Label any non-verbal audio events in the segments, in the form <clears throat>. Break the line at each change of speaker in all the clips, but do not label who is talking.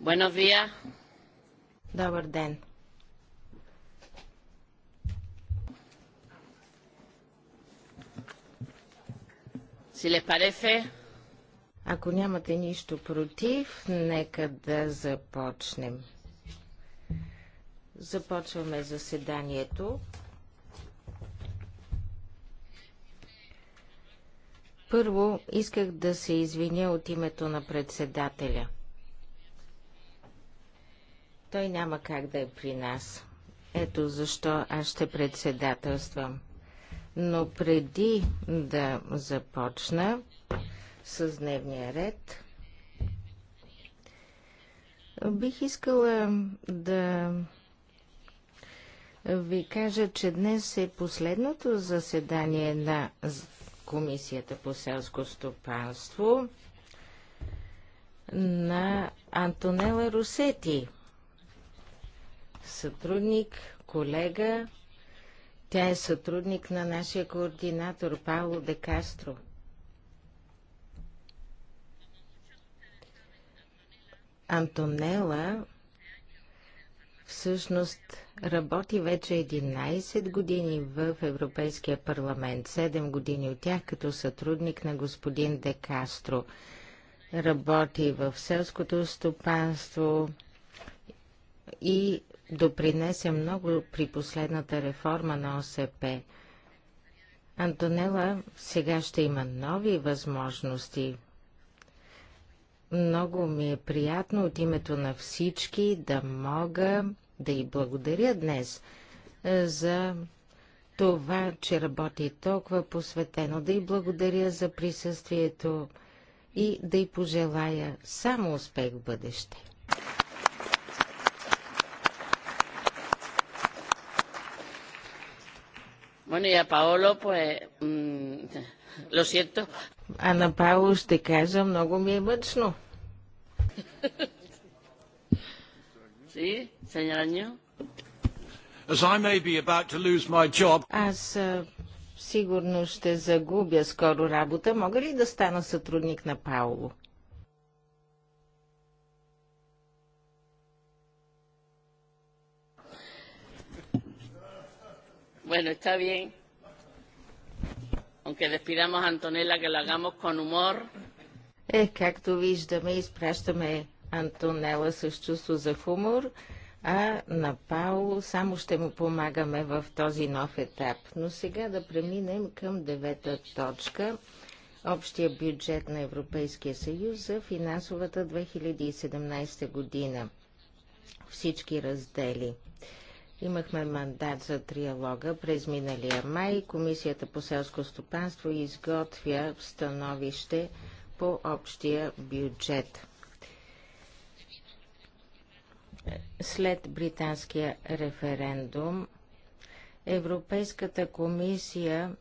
Buenos días. Добър ден. Si les parece... Ако нямате нищо против, нека да започнем. Започваме заседанието. Първо исках да се извиня от името на председателя – той няма как да е при нас. Ето защо аз ще председателствам. Но преди да започна с дневния ред, бих искала да ви кажа, че днес е последното заседание на Комисията по селско стопанство на Антонела Русети – сътрудник, колега. Тя е сътрудник на нашия координатор Пауло Де Кастро. Антонела всъщност работи вече 11 години в Европейския парламент, 7 години от тях като сътрудник на господин Де Кастро. Работи в селското стопанство и допринесе много при последната реформа на ОСП. Антонела сега ще има нови възможности. Много ми е приятно от името на всички да мога да й благодаря днес е, за това, че работи толкова посветено, да й благодаря за присъствието и да й пожелая само успех в бъдеще. Bueno, y a Paolo, pues, mmm, lo siento. Ana Pau, Пауло casa, кажа, много ми е Sí, señor Año. As I may be about to lose my job. As, uh, сигурно ще загубя скоро работа. Мога ли да стана сътрудник на Пауло? Bueno, está bien. Aunque despidamos a Antonella, que lo hagamos con humor. Е, както виждаме, изпращаме Антонела с чувство за хумор, а на Пауло само ще му помагаме в този нов етап. Но сега да преминем към девета точка общия бюджет на Европейския съюз за финансовата 2017 година. Всички раздели. Имахме мандат за триалога през миналия май. Комисията по селско стопанство изготвя становище по общия бюджет. След британския референдум Европейската комисия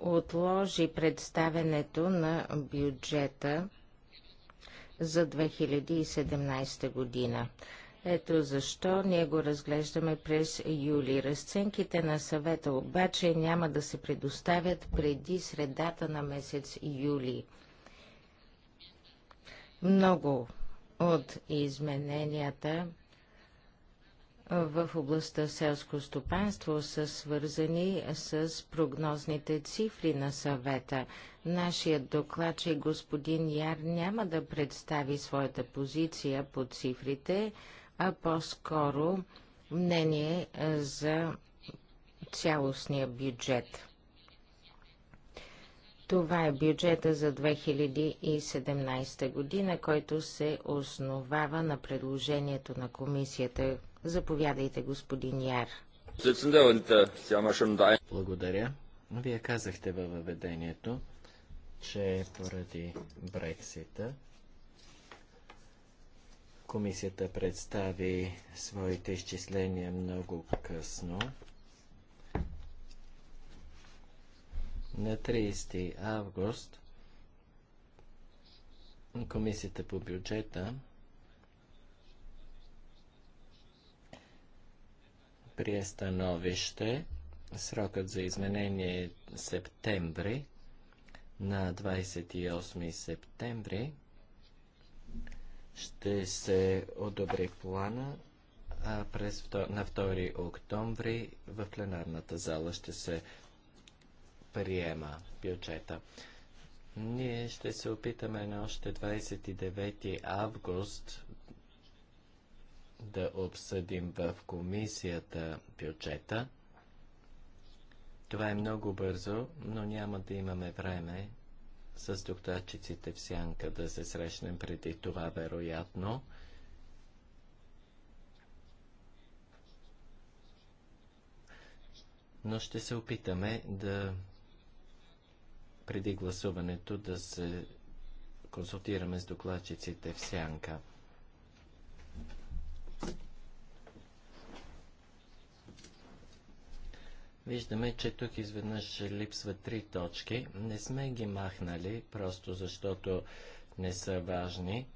отложи представенето на бюджета за 2017 година. Ето защо ние го разглеждаме през юли. Разценките на съвета обаче няма да се предоставят преди средата на месец юли. Много от измененията в областта селско стопанство са свързани с прогнозните цифри на съвета. Нашият доклад, че господин Яр няма да представи своята позиция по цифрите, а по-скоро мнение за цялостния бюджет. Това е бюджета за 2017 година, който се основава на предложението на комисията. Заповядайте, господин Яр.
Благодаря. Вие казахте във въведението, че поради Брексита Комисията представи своите изчисления много късно. На 30 август Комисията по бюджета прие становище. Срокът за изменение е септември. На 28 септември ще се одобри плана а през, на 2 октомври в пленарната зала ще се приема бюджета. Ние ще се опитаме на още 29 август да обсъдим в комисията бюджета. Това е много бързо, но няма да имаме време с докладчиците в Сянка да се срещнем преди това, вероятно. Но ще се опитаме да преди гласуването да се консултираме с докладчиците в Сянка. Виждаме, че тук изведнъж липсват три точки. Не сме ги махнали, просто защото не са важни.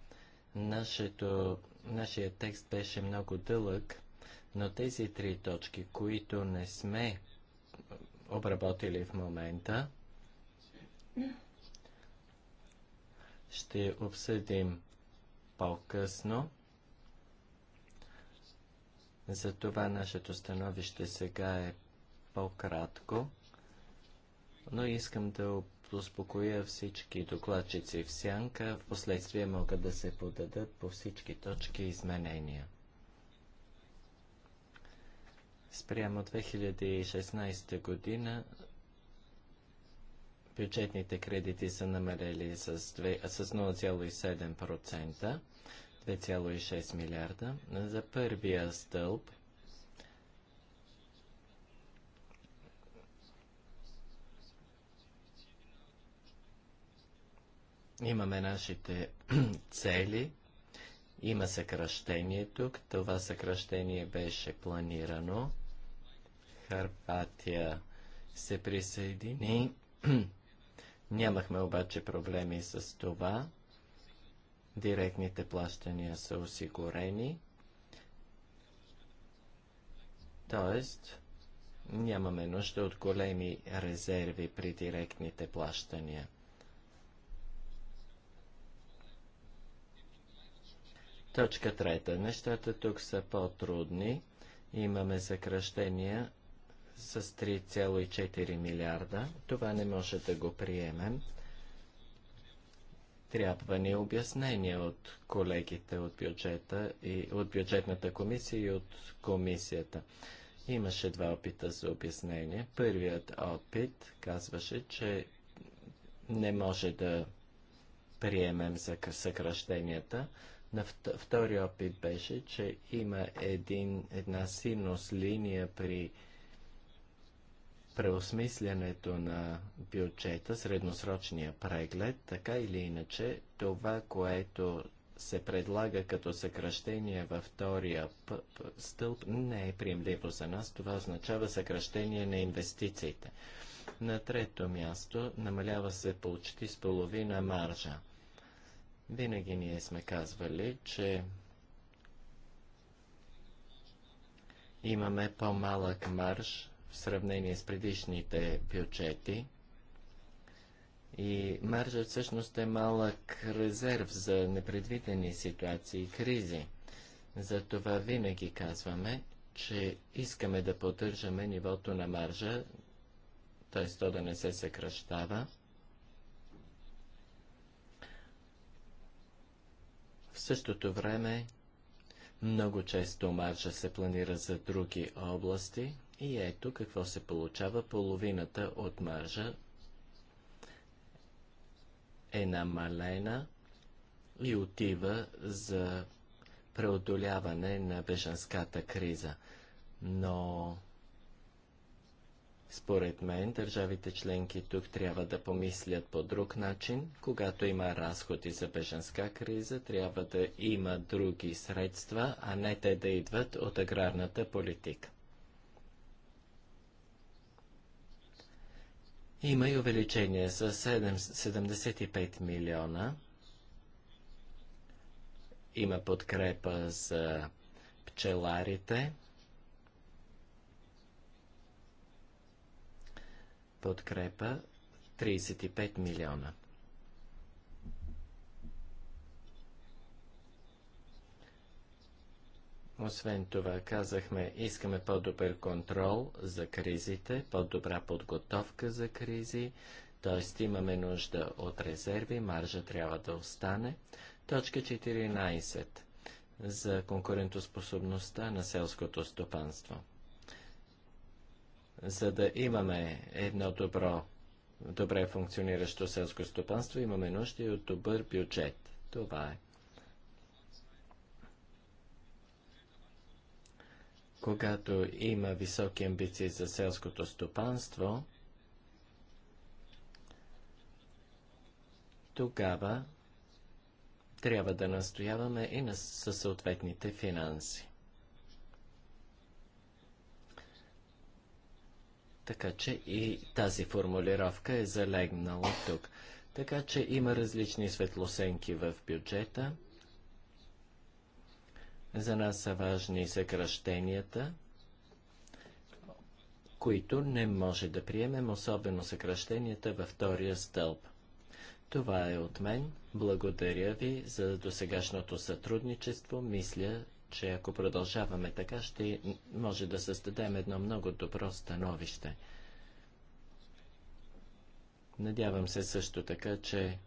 Нашето, нашия текст беше много дълъг, но тези три точки, които не сме обработили в момента, ще обсъдим по-късно. Затова нашето становище сега е по-кратко, но искам да успокоя всички докладчици в сянка. В последствие могат да се подадат по всички точки изменения. Спрямо 2016 година бюджетните кредити са намалели с, 0,7%, 2,6 милиарда. За първия стълб – Имаме нашите <clears throat> цели. Има съкръщение тук. Това съкръщение беше планирано. Харпатия се присъедини. <clears throat> Нямахме обаче проблеми с това. Директните плащания са осигурени. Тоест, нямаме нужда от големи резерви при директните плащания. Точка трета. Нещата тук са по-трудни. Имаме съкръщения с 3,4 милиарда. Това не може да го приемем. Трябва ни обяснение от колегите от бюджета и от бюджетната комисия и от комисията. Имаше два опита за обяснение. Първият опит казваше, че не може да приемем съкръщенията. На втори опит беше, че има един, една синус линия при преосмислянето на бюджета, средносрочния преглед, така или иначе, това, което се предлага като съкръщение във втория стълб, не е приемливо за нас. Това означава съкръщение на инвестициите. На трето място намалява се почти с половина маржа. Винаги ние сме казвали, че имаме по-малък марш в сравнение с предишните бюджети. И маржът всъщност е малък резерв за непредвидени ситуации и кризи. Затова винаги казваме, че искаме да поддържаме нивото на маржа, т.е. то да не се съкръщава. В същото време много често маржа се планира за други области и ето какво се получава. Половината от маржа е намалена и отива за преодоляване на беженската криза. Но според мен, държавите членки тук трябва да помислят по друг начин. Когато има разходи за беженска криза, трябва да има други средства, а не те да идват от аграрната политика. Има и увеличение за 7, 75 милиона. Има подкрепа за пчеларите. подкрепа 35 милиона. Освен това, казахме, искаме по-добър контрол за кризите, по-добра подготовка за кризи, т.е. имаме нужда от резерви, маржа трябва да остане. Точка 14. За конкурентоспособността на селското стопанство за да имаме едно добро, добре функциониращо селско стопанство, имаме нужда и от добър бюджет. Това е. Когато има високи амбиции за селското стопанство, тогава трябва да настояваме и на, със съответните финанси. Така че и тази формулировка е залегнала тук. Така че има различни светлосенки в бюджета. За нас са важни съкръщенията, които не може да приемем, особено съкръщенията във втория стълб. Това е от мен. Благодаря ви за досегашното сътрудничество. Мисля, че ако продължаваме така, ще може да създадем едно много добро становище. Надявам се също така, че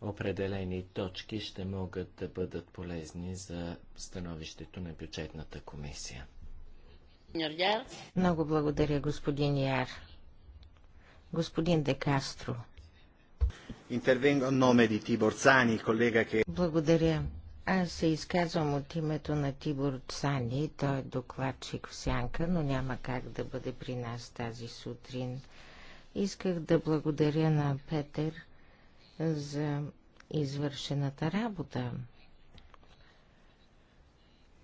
определени точки ще могат да бъдат полезни за становището на бюджетната комисия.
Много благодаря, господин Яр. Господин Декастро.
Интервенго номе ди Тибор колега ке...
Благодаря. Аз се изказвам от името на Тибор Цани, той е докладчик в Сянка, но няма как да бъде при нас тази сутрин. Исках да благодаря на Петър за извършената работа.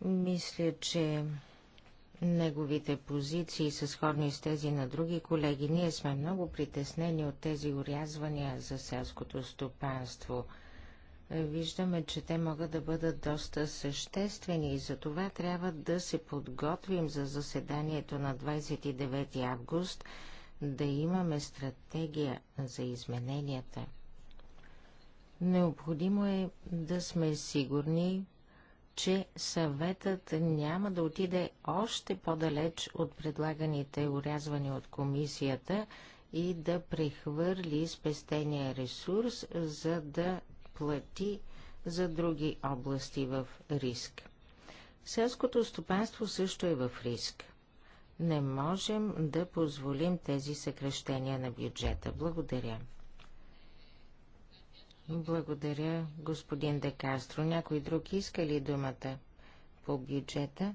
Мисля, че неговите позиции са сходни с тези на други колеги. Ние сме много притеснени от тези урязвания за селското стопанство – виждаме, че те могат да бъдат доста съществени и за това трябва да се подготвим за заседанието на 29 август, да имаме стратегия за измененията. Необходимо е да сме сигурни, че съветът няма да отиде още по-далеч от предлаганите урязвания от комисията и да прехвърли спестения ресурс, за да плати за други области в риск. Селското стопанство също е в риск. Не можем да позволим тези съкрещения на бюджета. Благодаря. Благодаря, господин Декастро. Някой друг иска ли думата по бюджета?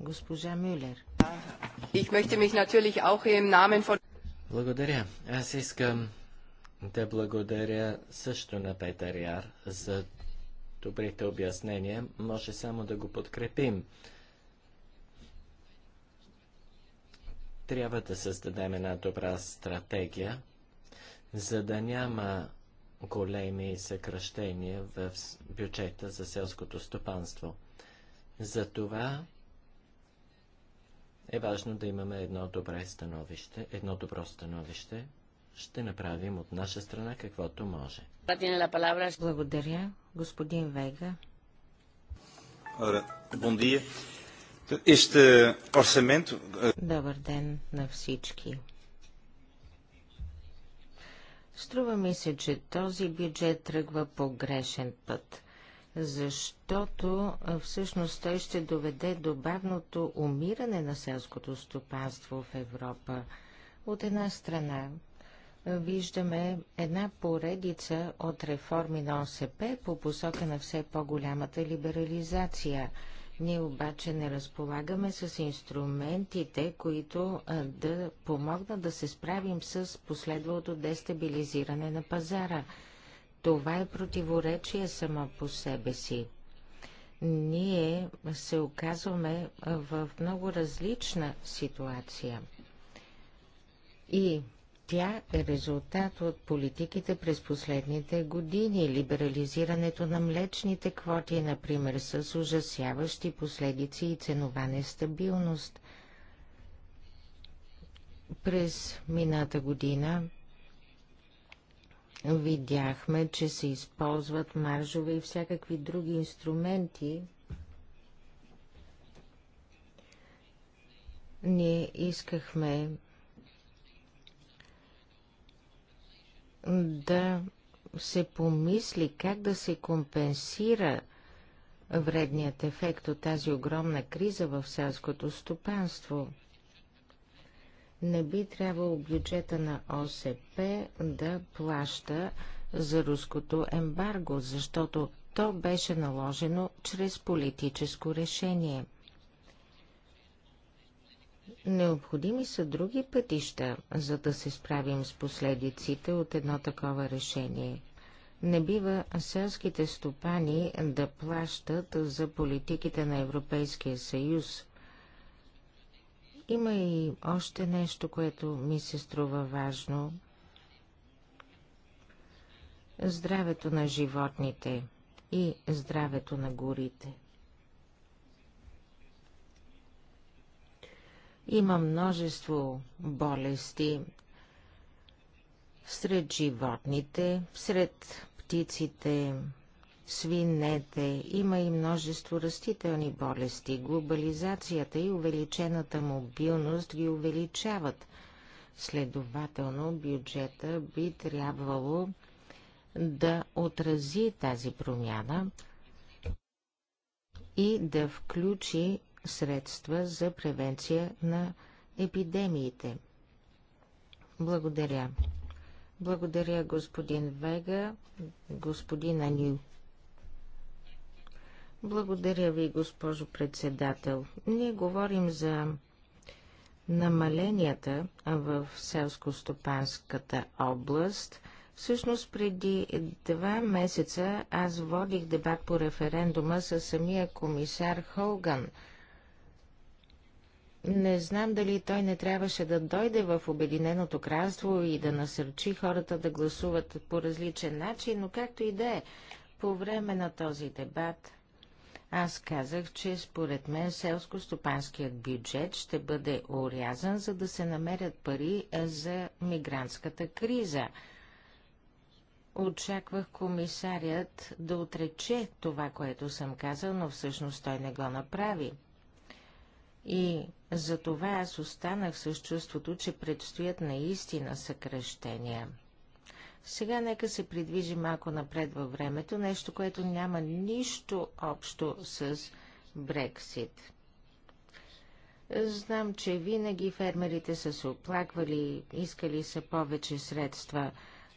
Госпожа Мюлер. Благодаря. Аз искам да
благодаря също на Петър Яр за добрите обяснения. Може само да го подкрепим. Трябва да създадем една добра стратегия, за да няма големи съкръщения в бюджета за селското стопанство. За това е важно да имаме едно добре становище, едно добро становище ще направим от наша страна каквото може.
Благодаря, господин Вега. Е, Добър ден на всички. Струва ми се, че този бюджет тръгва по грешен път, защото всъщност той ще доведе до бавното умиране на селското стопанство в Европа. От една страна виждаме една поредица от реформи на ОСП по посока на все по-голямата либерализация. Ние обаче не разполагаме с инструментите, които да помогнат да се справим с последвалото дестабилизиране на пазара. Това е противоречие само по себе си. Ние се оказваме в много различна ситуация. И тя е резултат от политиките през последните години. Либерализирането на млечните квоти, например, с ужасяващи последици и ценова нестабилност. През мината година видяхме, че се използват маржове и всякакви други инструменти. Ние искахме да се помисли как да се компенсира вредният ефект от тази огромна криза в селското стопанство. Не би трябвало бюджета на ОСП да плаща за руското ембарго, защото то беше наложено чрез политическо решение – Необходими са други пътища, за да се справим с последиците от едно такова решение. Не бива селските стопани да плащат за политиките на Европейския съюз. Има и още нещо, което ми се струва важно. Здравето на животните и здравето на горите. Има множество болести сред животните, сред птиците, свинете, има и множество растителни болести. Глобализацията и увеличената мобилност ги увеличават. Следователно, бюджета би трябвало да отрази тази промяна и да включи средства за превенция на епидемиите. Благодаря. Благодаря, господин Вега, господин Аню. Благодаря ви, госпожо председател. Ние говорим за намаленията в селско-стопанската област. Всъщност преди два месеца аз водих дебат по референдума с самия комисар Холган – не знам дали той не трябваше да дойде в Обединеното кралство и да насърчи хората да гласуват по различен начин, но както и да е, по време на този дебат аз казах, че според мен селско-стопанският бюджет ще бъде урязан, за да се намерят пари за мигрантската криза. Очаквах комисарият да отрече това, което съм казал, но всъщност той не го направи. И за това аз останах с чувството, че предстоят наистина съкръщения. Сега нека се придвижи малко напред във времето, нещо, което няма нищо общо с Брексит. Знам, че винаги фермерите са се оплаквали, искали са повече средства,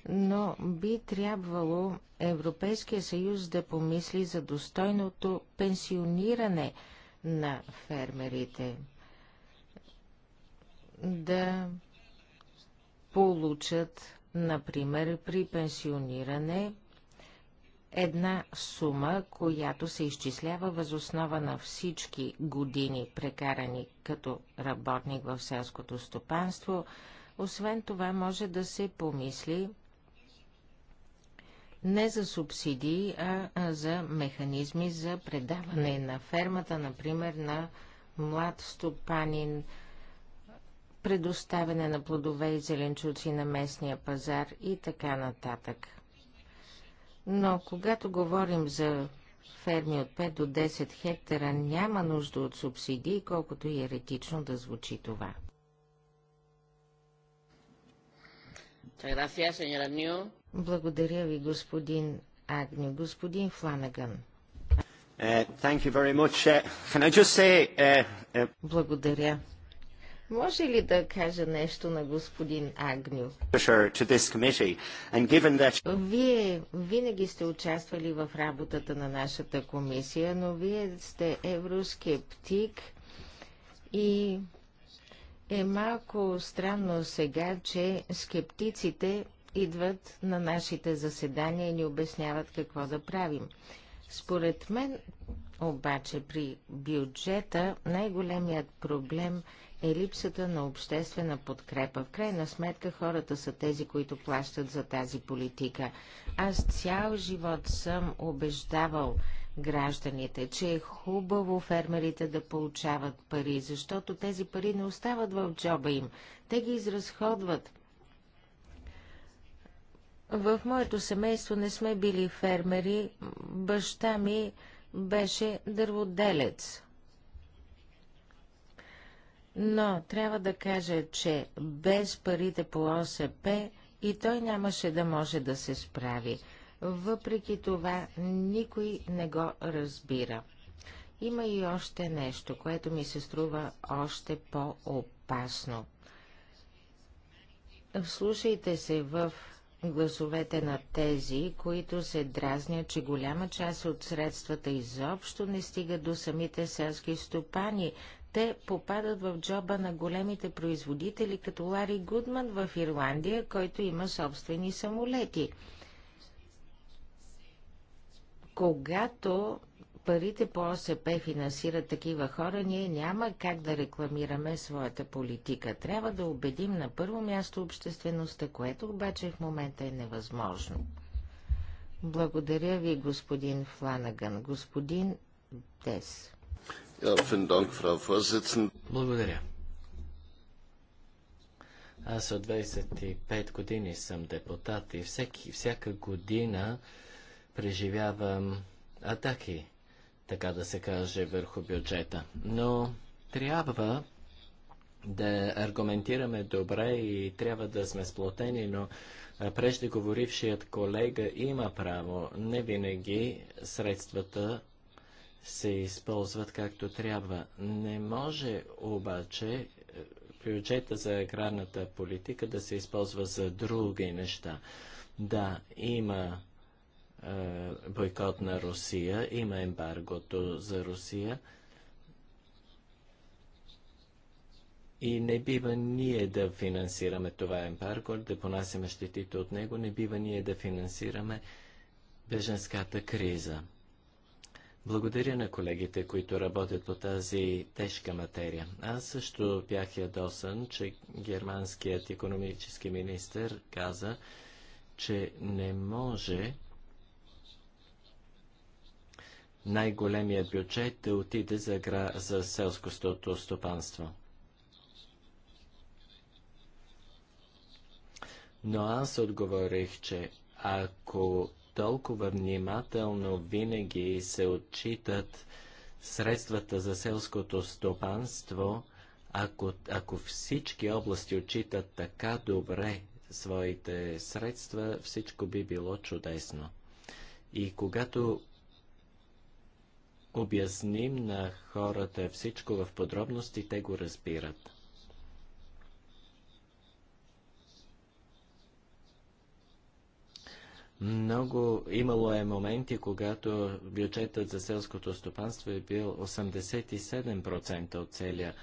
но би трябвало Европейския съюз да помисли за достойното пенсиониране – на фермерите да получат, например, при пенсиониране една сума, която се изчислява възоснова на всички години, прекарани като работник в селското стопанство. Освен това, може да се помисли не за субсидии, а за механизми за предаване на фермата, например на млад стопанин, предоставяне на плодове и зеленчуци на местния пазар и така нататък. Но когато говорим за ферми от 5 до 10 хектара, няма нужда от субсидии, колкото и еретично да звучи това. Благодаря ви, господин Агни. Господин Фланаган.
Uh, uh, uh, Благодаря.
Може ли да кажа нещо на господин Агню? Вие винаги сте участвали в работата на нашата комисия, но вие сте евроскептик и е малко странно сега, че скептиците идват на нашите заседания и ни обясняват какво да правим. Според мен, обаче, при бюджета най-големият проблем е липсата на обществена подкрепа. В крайна сметка хората са тези, които плащат за тази политика. Аз цял живот съм убеждавал гражданите, че е хубаво фермерите да получават пари, защото тези пари не остават в джоба им. Те ги изразходват в моето семейство не сме били фермери. Баща ми беше дърводелец. Но трябва да кажа, че без парите по ОСП и той нямаше да може да се справи. Въпреки това никой не го разбира. Има и още нещо, което ми се струва още по-опасно. Вслушайте се в гласовете на тези, които се дразнят, че голяма част от средствата изобщо не стигат до самите селски стопани. Те попадат в джоба на големите производители, като Лари Гудман в Ирландия, който има собствени самолети. Когато парите по ОСП финансират такива хора, ние няма как да рекламираме своята политика. Трябва да убедим на първо място обществеността, което обаче в момента е невъзможно. Благодаря ви, господин Фланаган. Господин Дес.
Благодаря.
Аз от 25 години съм депутат и всеки, всяка година преживявам атаки така да се каже, върху бюджета. Но трябва да аргументираме добре и трябва да сме сплотени, но преждеговорившият колега има право. Не винаги средствата се използват както трябва. Не може обаче е, бюджета за аграрната политика да се използва за други неща. Да, има е, бойкот на Русия, има ембаргото за Русия. И не бива ние да финансираме това ембарго, да понасяме щетите от него, не бива ние да финансираме беженската криза. Благодаря на колегите, които работят по тази тежка материя. Аз също бях ядосан, че германският економически министр каза, че не може най-големият бюджет да отиде за, гра... за селското стопанство. Но аз отговорих, че ако толкова внимателно винаги се отчитат средствата за селското стопанство, ако, ако всички области отчитат така добре своите средства, всичко би било чудесно. И когато обясним на хората всичко в подробности, те го разбират. Много имало е моменти, когато бюджетът за селското стопанство е бил 87% от целия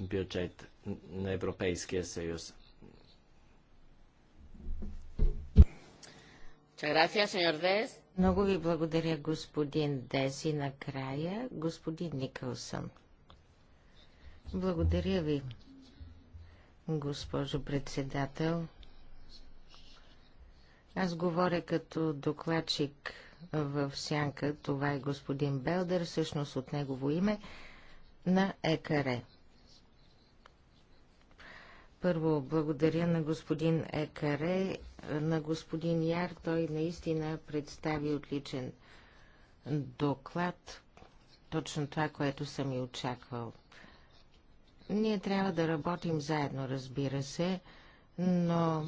бюджет на Европейския съюз.
Muchas gracias, señor много ви благодаря, господин Дези. Накрая, господин Никълсън. Благодаря ви, госпожо председател. Аз говоря като докладчик в сянка, това е господин Белдер, всъщност от негово име, на ЕКАРЕ. Първо, благодаря на господин Екаре на господин Яр. Той наистина представи отличен доклад. Точно това, което съм и очаквал. Ние трябва да работим заедно, разбира се, но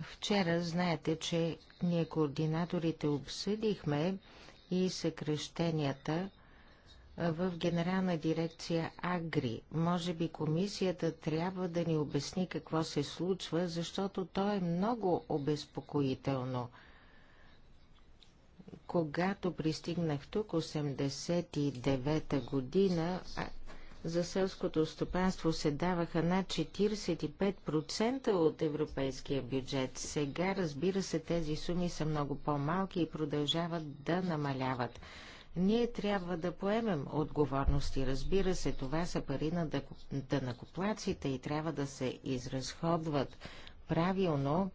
вчера знаете, че ние координаторите обсъдихме и съкрещенията в Генерална дирекция Агри. Може би комисията трябва да ни обясни какво се случва, защото то е много обезпокоително. Когато пристигнах тук 89-та година, за селското стопанство се даваха над 45% от европейския бюджет. Сега, разбира се, тези суми са много по-малки и продължават да намаляват. Ние трябва да поемем отговорности. Разбира се, това са пари на дънакоплаците и трябва да се изразходват правилно,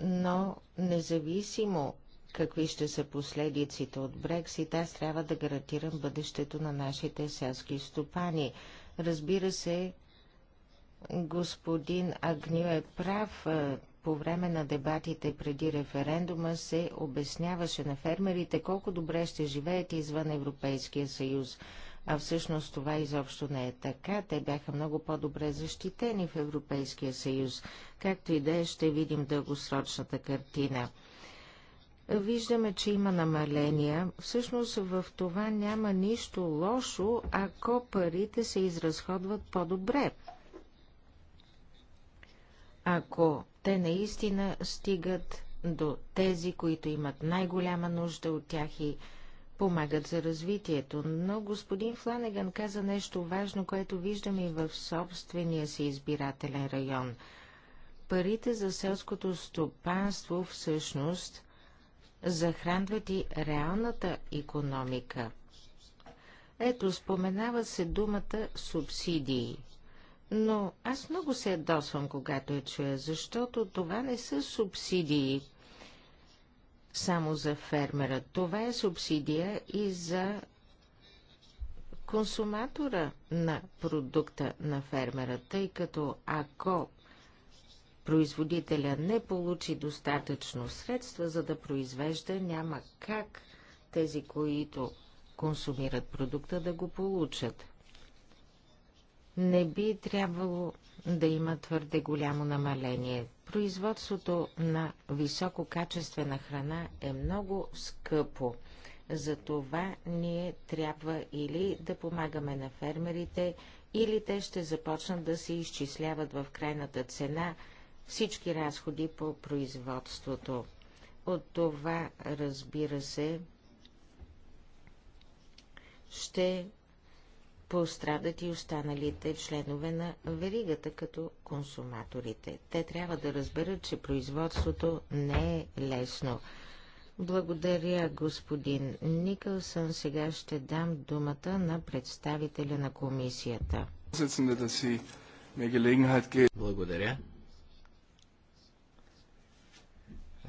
но независимо какви ще са последиците от Брексит, аз трябва да гарантирам бъдещето на нашите селски стопани. Разбира се, господин Агню е прав по време на дебатите преди референдума се обясняваше на фермерите колко добре ще живеят извън Европейския съюз. А всъщност това изобщо не е така. Те бяха много по-добре защитени в Европейския съюз. Както и да е, ще видим дългосрочната картина. Виждаме, че има намаления. Всъщност в това няма нищо лошо, ако парите се изразходват по-добре ако те наистина стигат до тези, които имат най-голяма нужда от тях и помагат за развитието. Но господин Фланеган каза нещо важно, което виждаме и в собствения си избирателен район. Парите за селското стопанство всъщност захранват и реалната економика. Ето, споменава се думата субсидии – но аз много се ядосвам, когато я чуя, защото това не са субсидии само за фермера. Това е субсидия и за консуматора на продукта на фермера, тъй като ако производителя не получи достатъчно средства, за да произвежда, няма как тези, които консумират продукта, да го получат не би трябвало да има твърде голямо намаление. Производството на висококачествена храна е много скъпо. Затова ние трябва или да помагаме на фермерите, или те ще започнат да се изчисляват в крайната цена всички разходи по производството. От това, разбира се, ще пострадат и останалите членове на веригата като консуматорите. Те трябва да разберат, че производството не е лесно. Благодаря, господин Никълсън. Сега ще дам думата на представителя на комисията.
Благодаря.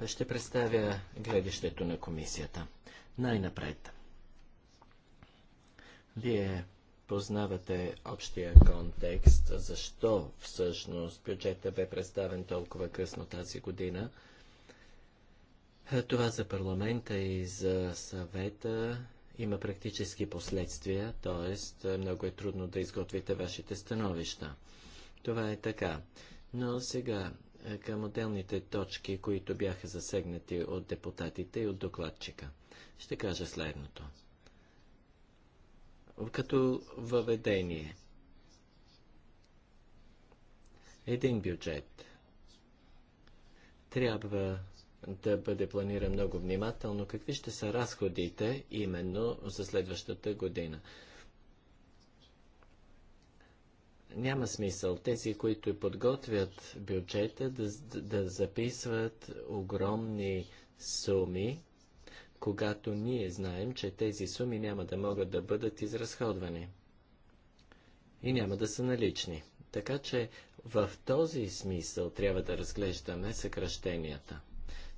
Ще представя гледището на комисията. Най-напред. Вие познавате общия контекст, защо всъщност бюджета бе представен толкова късно тази година. Е, това за парламента и за съвета има практически последствия, т.е. много е трудно да изготвите вашите становища. Това е така. Но сега е, към отделните точки, които бяха засегнати от депутатите и от докладчика. Ще кажа следното като въведение. Един бюджет трябва да бъде планиран много внимателно какви ще са разходите именно за следващата година. Няма смисъл тези, които подготвят бюджета, да, да записват огромни суми, когато ние знаем, че тези суми няма да могат да бъдат изразходвани и няма да са налични. Така че в този смисъл трябва да разглеждаме съкръщенията.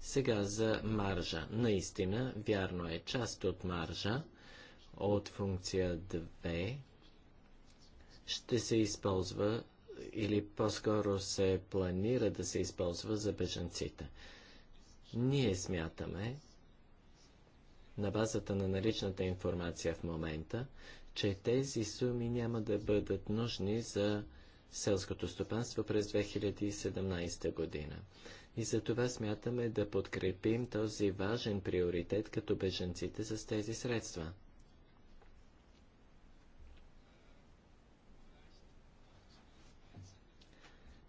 Сега за маржа. Наистина, вярно е, част от маржа от функция 2 ще се използва или по-скоро се планира да се използва за бежанците. Ние смятаме, на базата на наличната информация в момента, че тези суми няма да бъдат нужни за селското стопанство през 2017 година. И за това смятаме да подкрепим този важен приоритет като беженците с тези средства.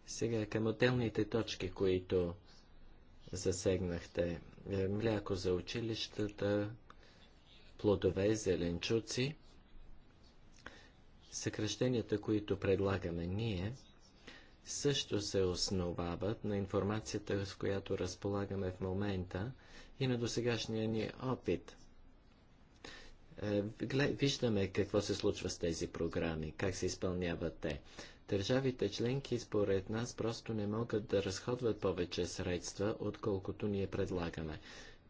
Сега към отделните точки, които засегнахте. Е, мляко за училищата, плодове, зеленчуци. Съкръщенията, които предлагаме ние, също се основават на информацията, с която разполагаме в момента и на досегашния ни опит. Е, виждаме какво се случва с тези програми, как се изпълняват те. Държавите членки според нас просто не могат да разходват повече средства, отколкото ние предлагаме,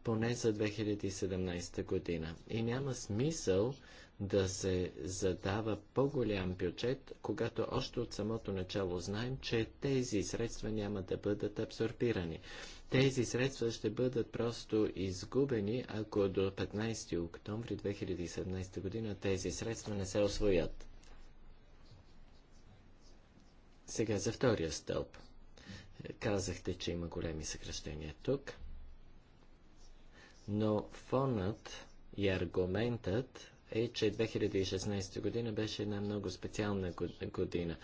поне за 2017 година. И няма смисъл да се задава по-голям бюджет, когато още от самото начало знаем, че тези средства няма да бъдат абсорбирани. Тези средства ще бъдат просто изгубени, ако до 15 октомври 2017 година тези средства не се освоят. Сега за втория стълб. Казахте, че има големи съкръщения тук, но фонът и аргументът е, че 2016 година беше една много специална година.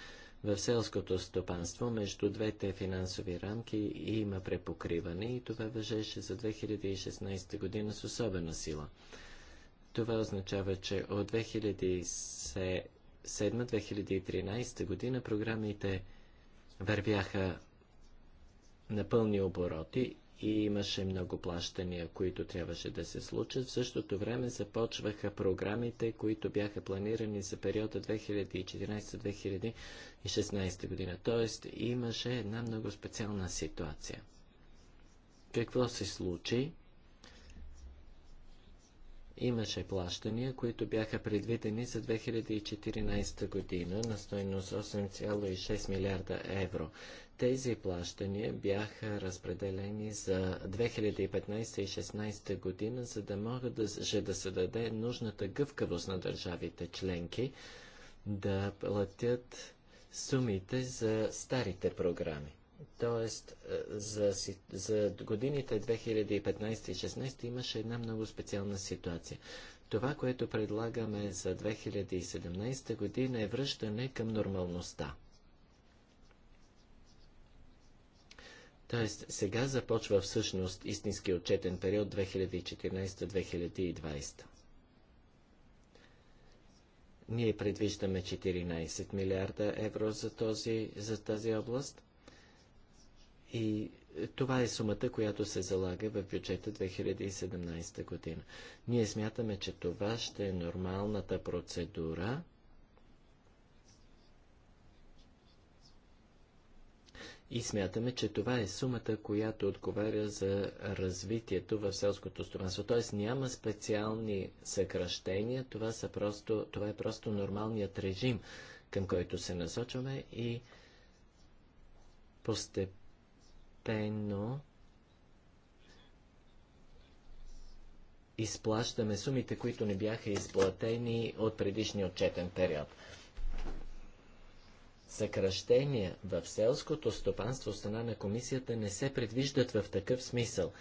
В селското стопанство между двете финансови рамки има препокриване и това въжеше за 2016 година с особена сила. Това означава, че от 2007 2007-2013 година програмите вървяха на пълни обороти и имаше много плащания, които трябваше да се случат. В същото време започваха програмите, които бяха планирани за периода 2014-2016 година. Тоест имаше една много специална ситуация. Какво се случи? Имаше плащания, които бяха предвидени за 2014 година на стоеност 8,6 милиарда евро. Тези плащания бяха разпределени за 2015 и 2016 година, за да могат да, да се даде нужната гъвкавост на държавите членки да платят сумите за старите програми. Тоест, е, за, за годините 2015 и 2016 имаше една много специална ситуация. Това, което предлагаме за 2017 година е връщане към нормалността. Тоест, сега започва всъщност истински отчетен период 2014-2020. Ние предвиждаме 14 милиарда евро за, този, за тази област – и е, това е сумата, която се залага в бюджета 2017 година. Ние смятаме, че това ще е нормалната процедура. И смятаме, че това е сумата, която отговаря за развитието в селското стопанство. Т.е. няма специални съкръщения, това, са просто, това е просто нормалният режим, към който се насочваме и постепенно платено изплащаме сумите, които не бяха изплатени от предишния отчетен период. Съкръщения в селското стопанство страна на комисията не се предвиждат в такъв смисъл.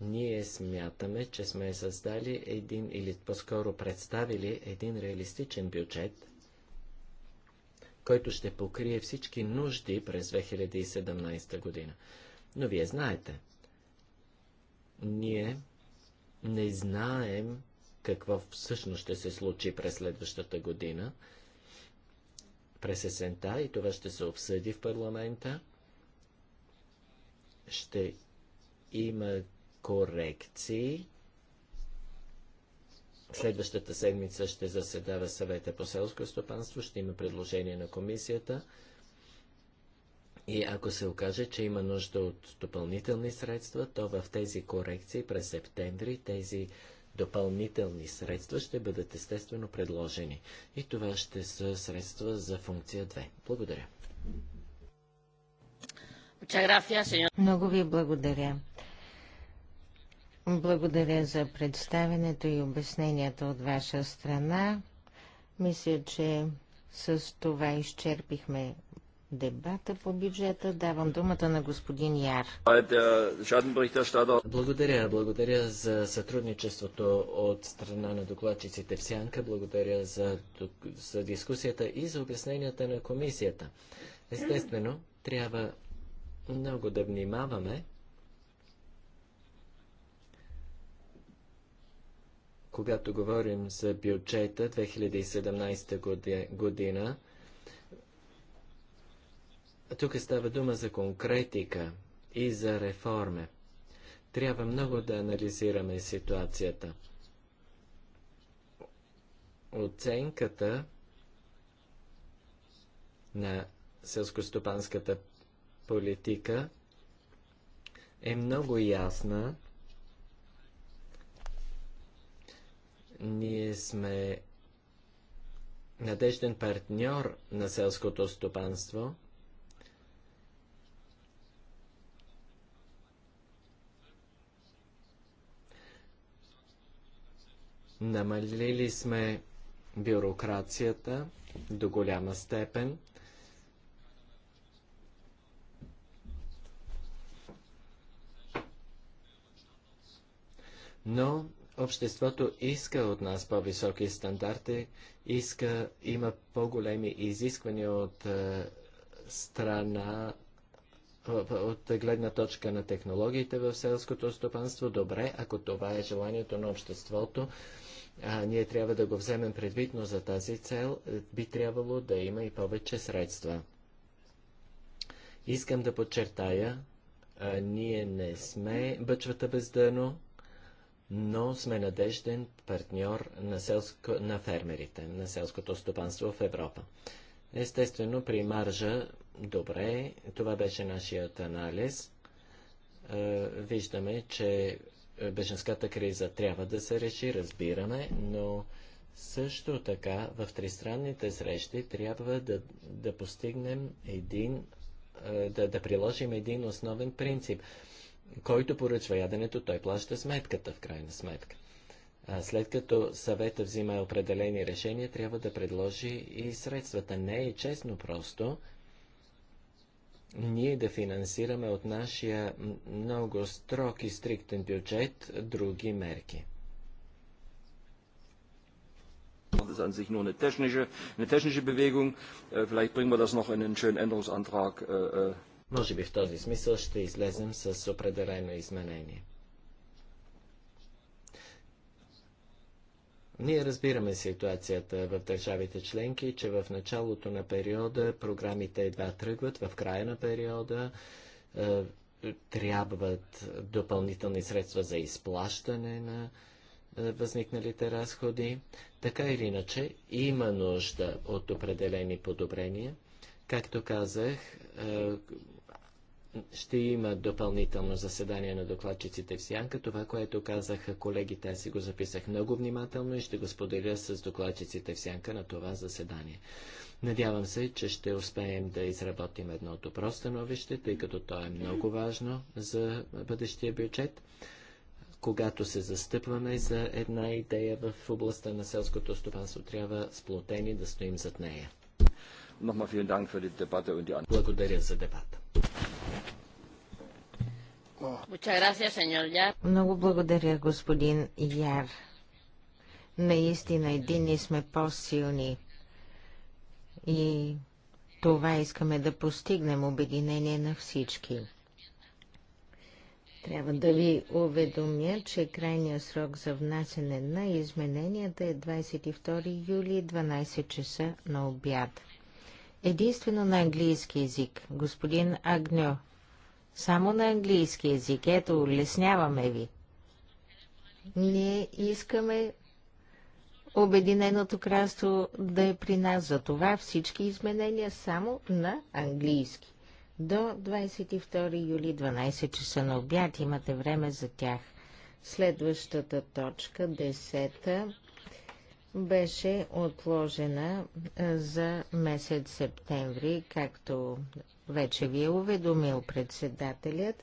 Ние смятаме, че сме създали един или по-скоро представили един реалистичен бюджет, който ще покрие всички нужди през 2017 година. Но вие знаете, ние не знаем какво всъщност ще се случи през следващата година, през есента, и това ще се обсъди в парламента. Ще има корекции. Следващата седмица ще заседава съвета по селско стопанство, ще има предложение на комисията. И ако се окаже, че има нужда от допълнителни средства, то в тези корекции през септември тези допълнителни средства ще бъдат естествено предложени. И това ще са средства за функция 2. Благодаря.
Много ви благодаря. Благодаря за представенето и обясненията от ваша страна. Мисля, че с това изчерпихме дебата по бюджета. Давам думата на господин Яр.
Благодаря, благодаря за сътрудничеството от страна на докладчиците в Сянка, благодаря за, за дискусията и за обясненията на комисията. Естествено, трябва много да внимаваме, когато говорим за бюджета 2017 година, тук става дума за конкретика и за реформе. Трябва много да анализираме ситуацията. Оценката на селскостопанската политика е много ясна. Ние сме надежден партньор на селското стопанство Намалили сме бюрокрацията до голяма степен. Но обществото иска от нас по-високи стандарти, иска, има по-големи изисквания от е, страна, от гледна точка на технологиите в селското стопанство. Добре, ако това е желанието на обществото, а, ние трябва да го вземем предвид, но за тази цел е, би трябвало да има и повече средства. Искам да подчертая, а, ние не сме бъчвата бездъно, но сме надежден партньор на, селско, на фермерите, на селското стопанство в Европа. Естествено, при маржа, добре, това беше нашият анализ. виждаме, че беженската криза трябва да се реши, разбираме, но също така в тристранните срещи трябва да, да постигнем един, да, да приложим един основен принцип. Който поръчва яденето, той плаща сметката в крайна сметка. след като съвета взима определени решения, трябва да предложи и средствата. Не е честно просто ние да финансираме от нашия много строг и стриктен бюджет други мерки.
Das ist an sich nur eine technische, eine technische Bewegung. Vielleicht bringen wir das noch in einen schönen Änderungsantrag.
Може би в този смисъл ще излезем с определено изменение. Ние разбираме ситуацията в държавите членки, че в началото на периода програмите едва тръгват, в края на периода е, трябват допълнителни средства за изплащане на е, възникналите разходи. Така или иначе, има нужда от определени подобрения. Както казах, е, ще има допълнително заседание на докладчиците в Сянка. Това, което казаха колегите, аз си го записах много внимателно и ще го споделя с докладчиците в Сянка на това заседание. Надявам се, че ще успеем да изработим едно добро становище, тъй като то е много важно за бъдещия бюджет. Когато се застъпваме за една идея в областта на селското стопанство, трябва сплотени да стоим зад нея. Nochmal vielen Dank für die Debatte und die Antwort. Благодаря за дебата.
Много благодаря, господин Яр. Наистина, едини сме по-силни. И това искаме да постигнем обединение на всички. Трябва да ви уведомя, че крайният срок за внасене на измененията е 22 юли 12 часа на обяд единствено на английски язик, господин Агньо. Само на английски язик. Ето, лесняваме ви. Ние искаме Обединеното кралство да е при нас. За това всички изменения само на английски. До 22 юли 12 часа на обяд имате време за тях. Следващата точка, 10 беше отложена за месец септември, както вече ви е уведомил председателят.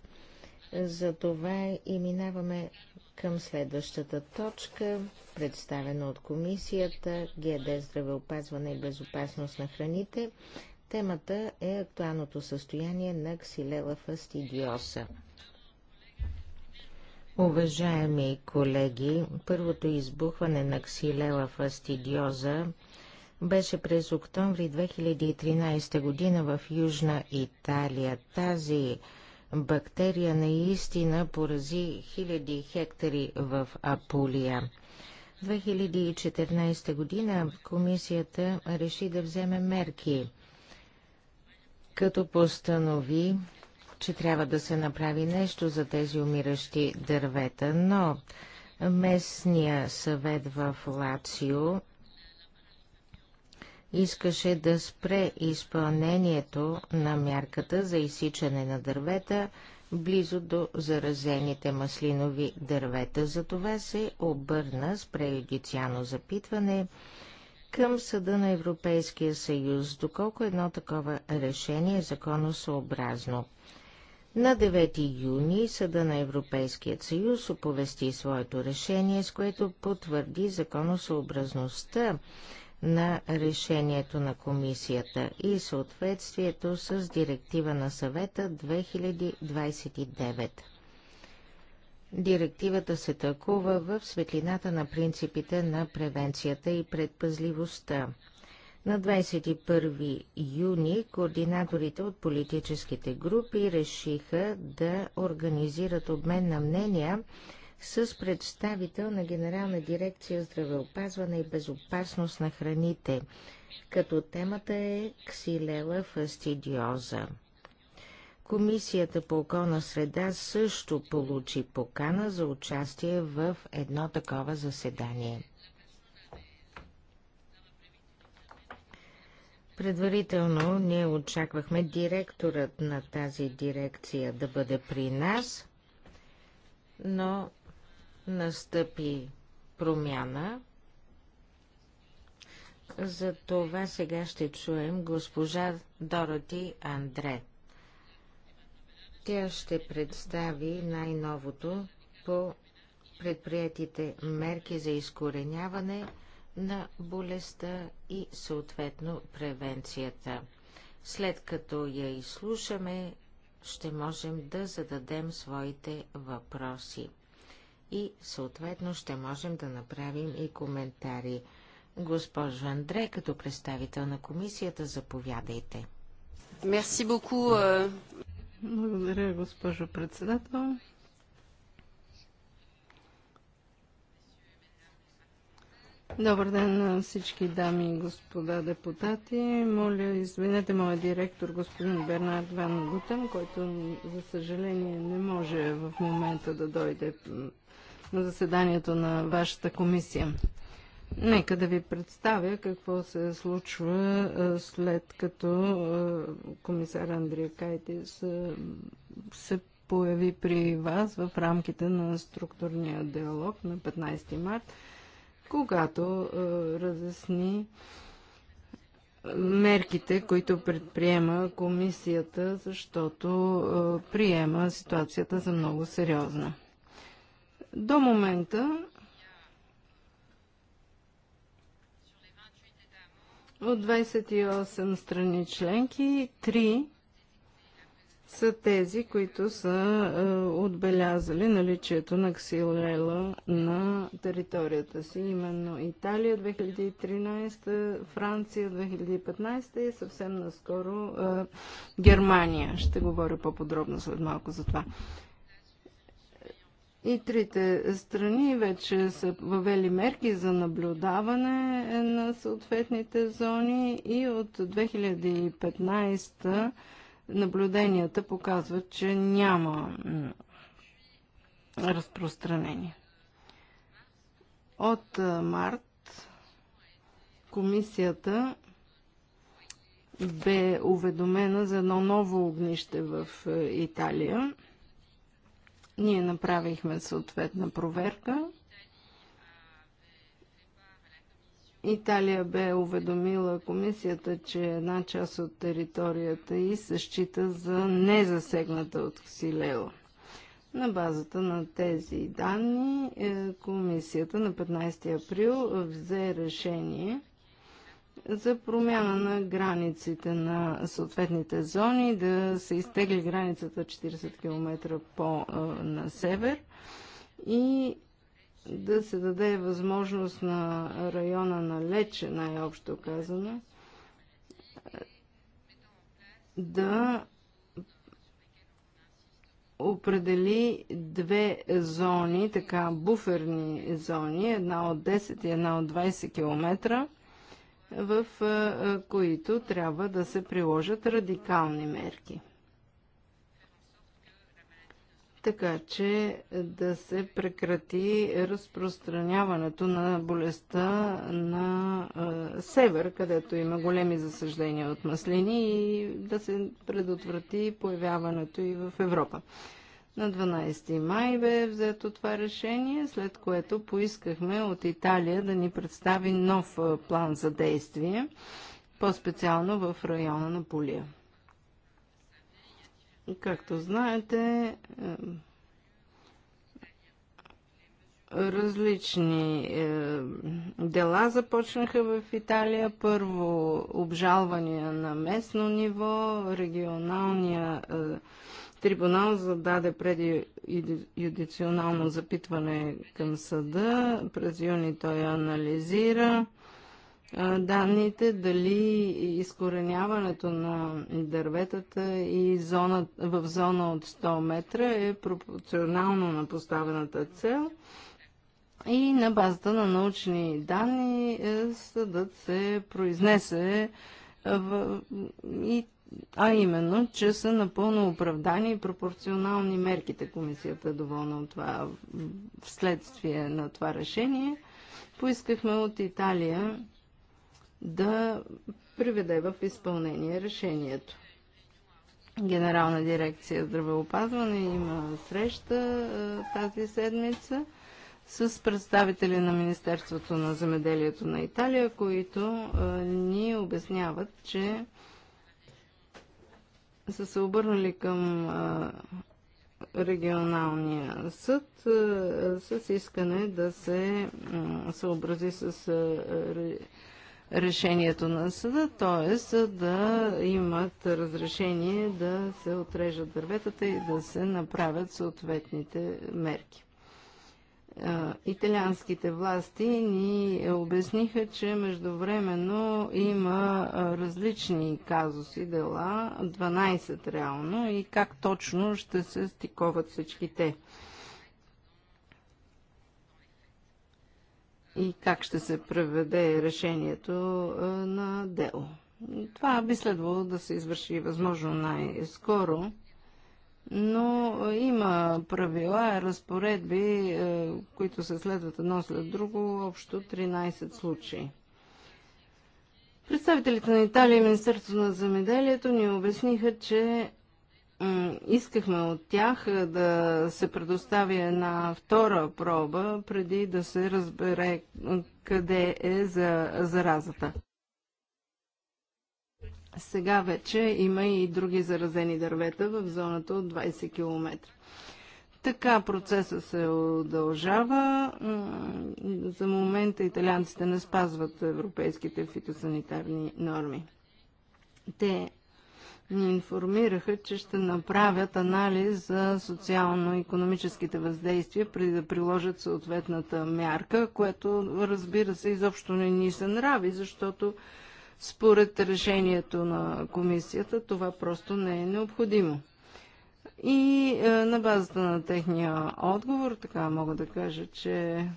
За това и минаваме към следващата точка, представена от комисията ГД Здравеопазване и безопасност на храните. Темата е актуалното състояние на ксилела фастидиоса. Уважаеми колеги, първото избухване на ксилела фастидиоза беше през октомври 2013 година в Южна Италия. Тази бактерия наистина порази хиляди хектари в Апулия. 2014 година комисията реши да вземе мерки, като постанови че трябва да се направи нещо за тези умиращи дървета, но местния съвет в Лацио искаше да спре изпълнението на мярката за изсичане на дървета близо до заразените маслинови дървета. Затова се обърна с преюдициално запитване към Съда на Европейския съюз, доколко едно такова решение е законосъобразно. На 9 юни Съда на Европейският съюз оповести своето решение, с което потвърди законосъобразността на решението на комисията и съответствието с директива на съвета 2029. Директивата се тълкува в светлината на принципите на превенцията и предпазливостта. На 21 юни координаторите от политическите групи решиха да организират обмен на мнения с представител на Генерална дирекция здравеопазване и безопасност на храните, като темата е ксилела фастидиоза. Комисията по околна среда също получи покана за участие в едно такова заседание. Предварително ние очаквахме директорът на тази дирекция да бъде при нас, но настъпи промяна. За това сега ще чуем госпожа Дороти Андре. Тя ще представи най-новото по предприятите мерки за изкореняване – на болестта и съответно превенцията. След като я изслушаме, ще можем да зададем своите въпроси и съответно ще можем да направим и коментари. Госпожо Андре, като представител на комисията, заповядайте. Мерси боку.
Благодаря, госпожо председател. Добър ден на всички дами и господа депутати. Моля, извинете моя директор, господин Бернард Ван Гутен, който, за съжаление, не може в момента да дойде на заседанието на вашата комисия. Нека да ви представя какво се случва след като комисар Андрия Кайтис се появи при вас в рамките на структурния диалог на 15 марта когато е, разясни е, мерките, които предприема комисията, защото е, приема ситуацията за много сериозна. До момента от 28 страни членки, 3 са тези, които са е, отбелязали наличието на ксилела на територията си, именно Италия 2013, Франция 2015 и съвсем наскоро е, Германия. Ще говоря по-подробно след малко за това. И трите страни вече са въвели мерки за наблюдаване на съответните зони и от 2015 наблюденията показват, че няма разпространение. От март комисията бе уведомена за едно ново огнище в Италия. Ние направихме съответна проверка Италия бе уведомила комисията, че една част от територията й се счита за незасегната от ксилела. На базата на тези данни е, комисията на 15 април взе решение за промяна на границите на съответните зони, да се изтегли границата 40 км по, е, на север и да се даде възможност на района на Лече, най-общо казано, да определи две зони, така буферни зони, една от 10 и една от 20 км, в които трябва да се приложат радикални мерки така че да се прекрати разпространяването на болестта на е, север, където има големи засъждения от маслини и да се предотврати появяването и в Европа. На 12 май бе взето това решение, след което поискахме от Италия да ни представи нов план за действие, по-специално в района на Полия. Както знаете, е, различни е, дела започнаха в Италия. Първо обжалвания на местно ниво, регионалния е, трибунал зададе преди юдиционално запитване към съда. През юни той анализира данните, дали изкореняването на дърветата и зона, в зона от 100 метра е пропорционално на поставената цел и на базата на научни данни е, съдът се произнесе е, в, и а именно, че са напълно оправдани и пропорционални мерките. Комисията е доволна от това вследствие на това решение. Поискахме от Италия да приведе в изпълнение решението. Генерална дирекция здравеопазване има среща тази седмица с представители на Министерството на земеделието на Италия, които ни обясняват, че са се обърнали към регионалния съд с искане да се съобрази с решението на съда, т.е. да имат разрешение да се отрежат дърветата и да се направят съответните мерки. Италианските власти ни обясниха, че междувременно има различни казуси, дела, 12 реално, и как точно ще се стиковат всички те. и как ще се преведе решението на дело. Това би следвало да се извърши възможно най-скоро, но има правила, разпоредби, които се следват едно след друго, общо 13 случаи. Представителите на Италия и Министерството на земеделието ни обясниха, че искахме от тях е, да се предостави една втора проба, преди да се разбере къде е за заразата. Сега вече има и други заразени дървета в зоната от 20 км. Така процесът се удължава. За момента италианците не спазват европейските фитосанитарни норми. Те ни информираха, че ще направят анализ за социално-економическите въздействия преди да приложат съответната мярка, което разбира се изобщо не ни се нрави, защото според решението на комисията това просто не е необходимо. И е, на базата на техния отговор, така мога да кажа, че е,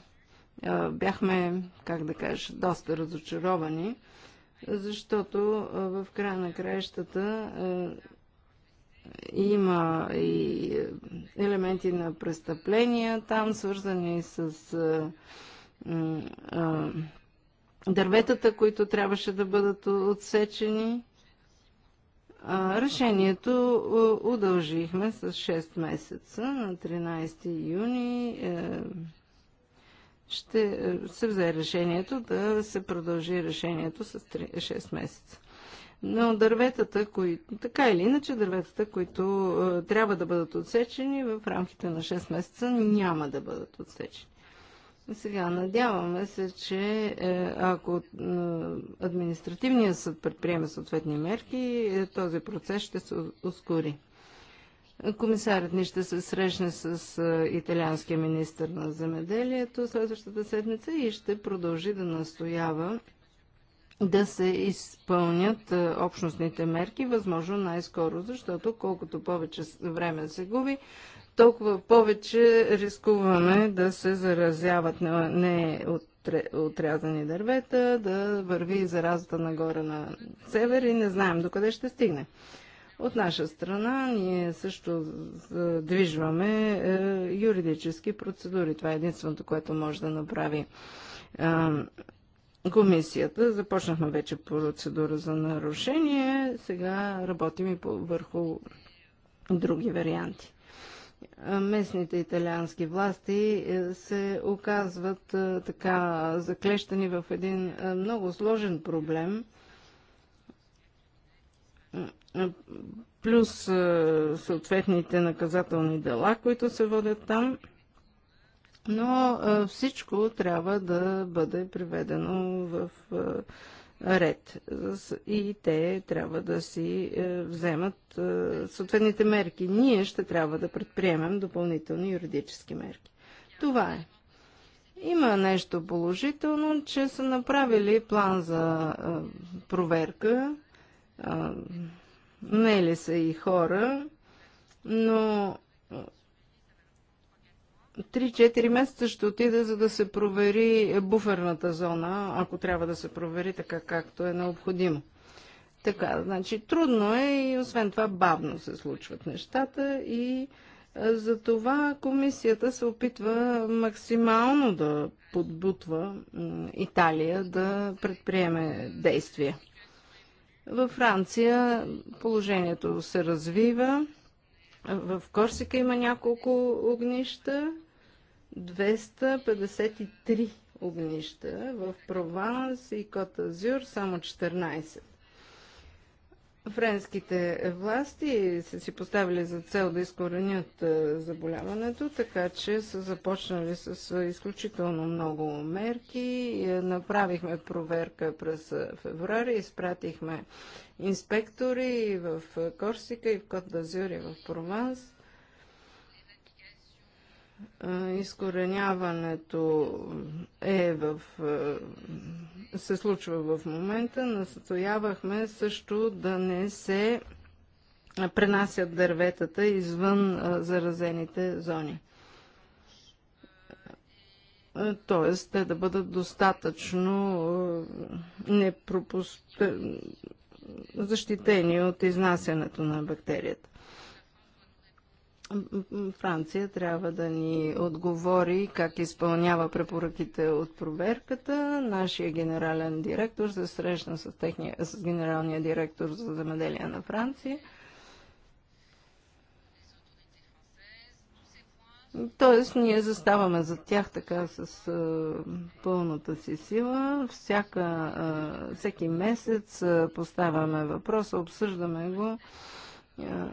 бяхме, как да кажа, доста разочаровани защото в края на краищата има и елементи на престъпления там, свързани с дърветата, които трябваше да бъдат отсечени. Решението удължихме с 6 месеца. На 13 юни ще е, се взе решението да се продължи решението с 3, 6 месеца. Но дърветата, които, така или иначе, дърветата, които е, трябва да бъдат отсечени в рамките на 6 месеца, няма да бъдат отсечени. Сега надяваме се, че е, ако е, административният съд предприеме съответни мерки, е, този процес ще се ускори. Комисарът ни ще се срещне с италианския министр на земеделието следващата седмица и ще продължи да настоява да се изпълнят общностните мерки възможно най-скоро, защото колкото повече време се губи, толкова повече рискуваме да се заразяват не от отрязани дървета, да върви заразата нагоре на север и не знаем докъде ще стигне. От наша страна ние също движваме е, юридически процедури. Това е единственото, което може да направи е, комисията. Започнахме вече процедура за нарушение. Сега работим и върху други варианти. Е, местните италиански власти се оказват така заклещани в един много сложен проблем плюс съответните наказателни дела, които се водят там. Но всичко трябва да бъде приведено в ред и те трябва да си вземат съответните мерки. Ние ще трябва да предприемем допълнителни юридически мерки. Това е. Има нещо положително, че са направили план за проверка мели са и хора, но 3-4 месеца ще отида, за да се провери буферната зона, ако трябва да се провери така, както е необходимо. Така, значи трудно е и освен това бавно се случват нещата и за това комисията се опитва максимално да подбутва Италия да предприеме действия. Във Франция положението се развива. В Корсика има няколко огнища. 253 огнища. В Прованс и Кота Азюр, само 14. Френските власти са си поставили за цел да изкоренят е, заболяването, така че са започнали с изключително много мерки. Е, направихме проверка през е, февруари, изпратихме инспектори в Корсика и в Кот дазюри и в Прованс. Изкореняването е в, се случва в момента. Настоявахме също да не се пренасят дърветата извън заразените зони. Тоест, те да бъдат достатъчно непропус... защитени от изнасянето на бактерията. Франция трябва да ни отговори как изпълнява препоръките от проверката. Нашия генерален директор се срещна с, техния, с генералния директор за замеделие на Франция. Тоест, ние заставаме за тях така с а, пълната си сила. Всяка, а, всеки месец а, поставяме въпроса, обсъждаме го. А,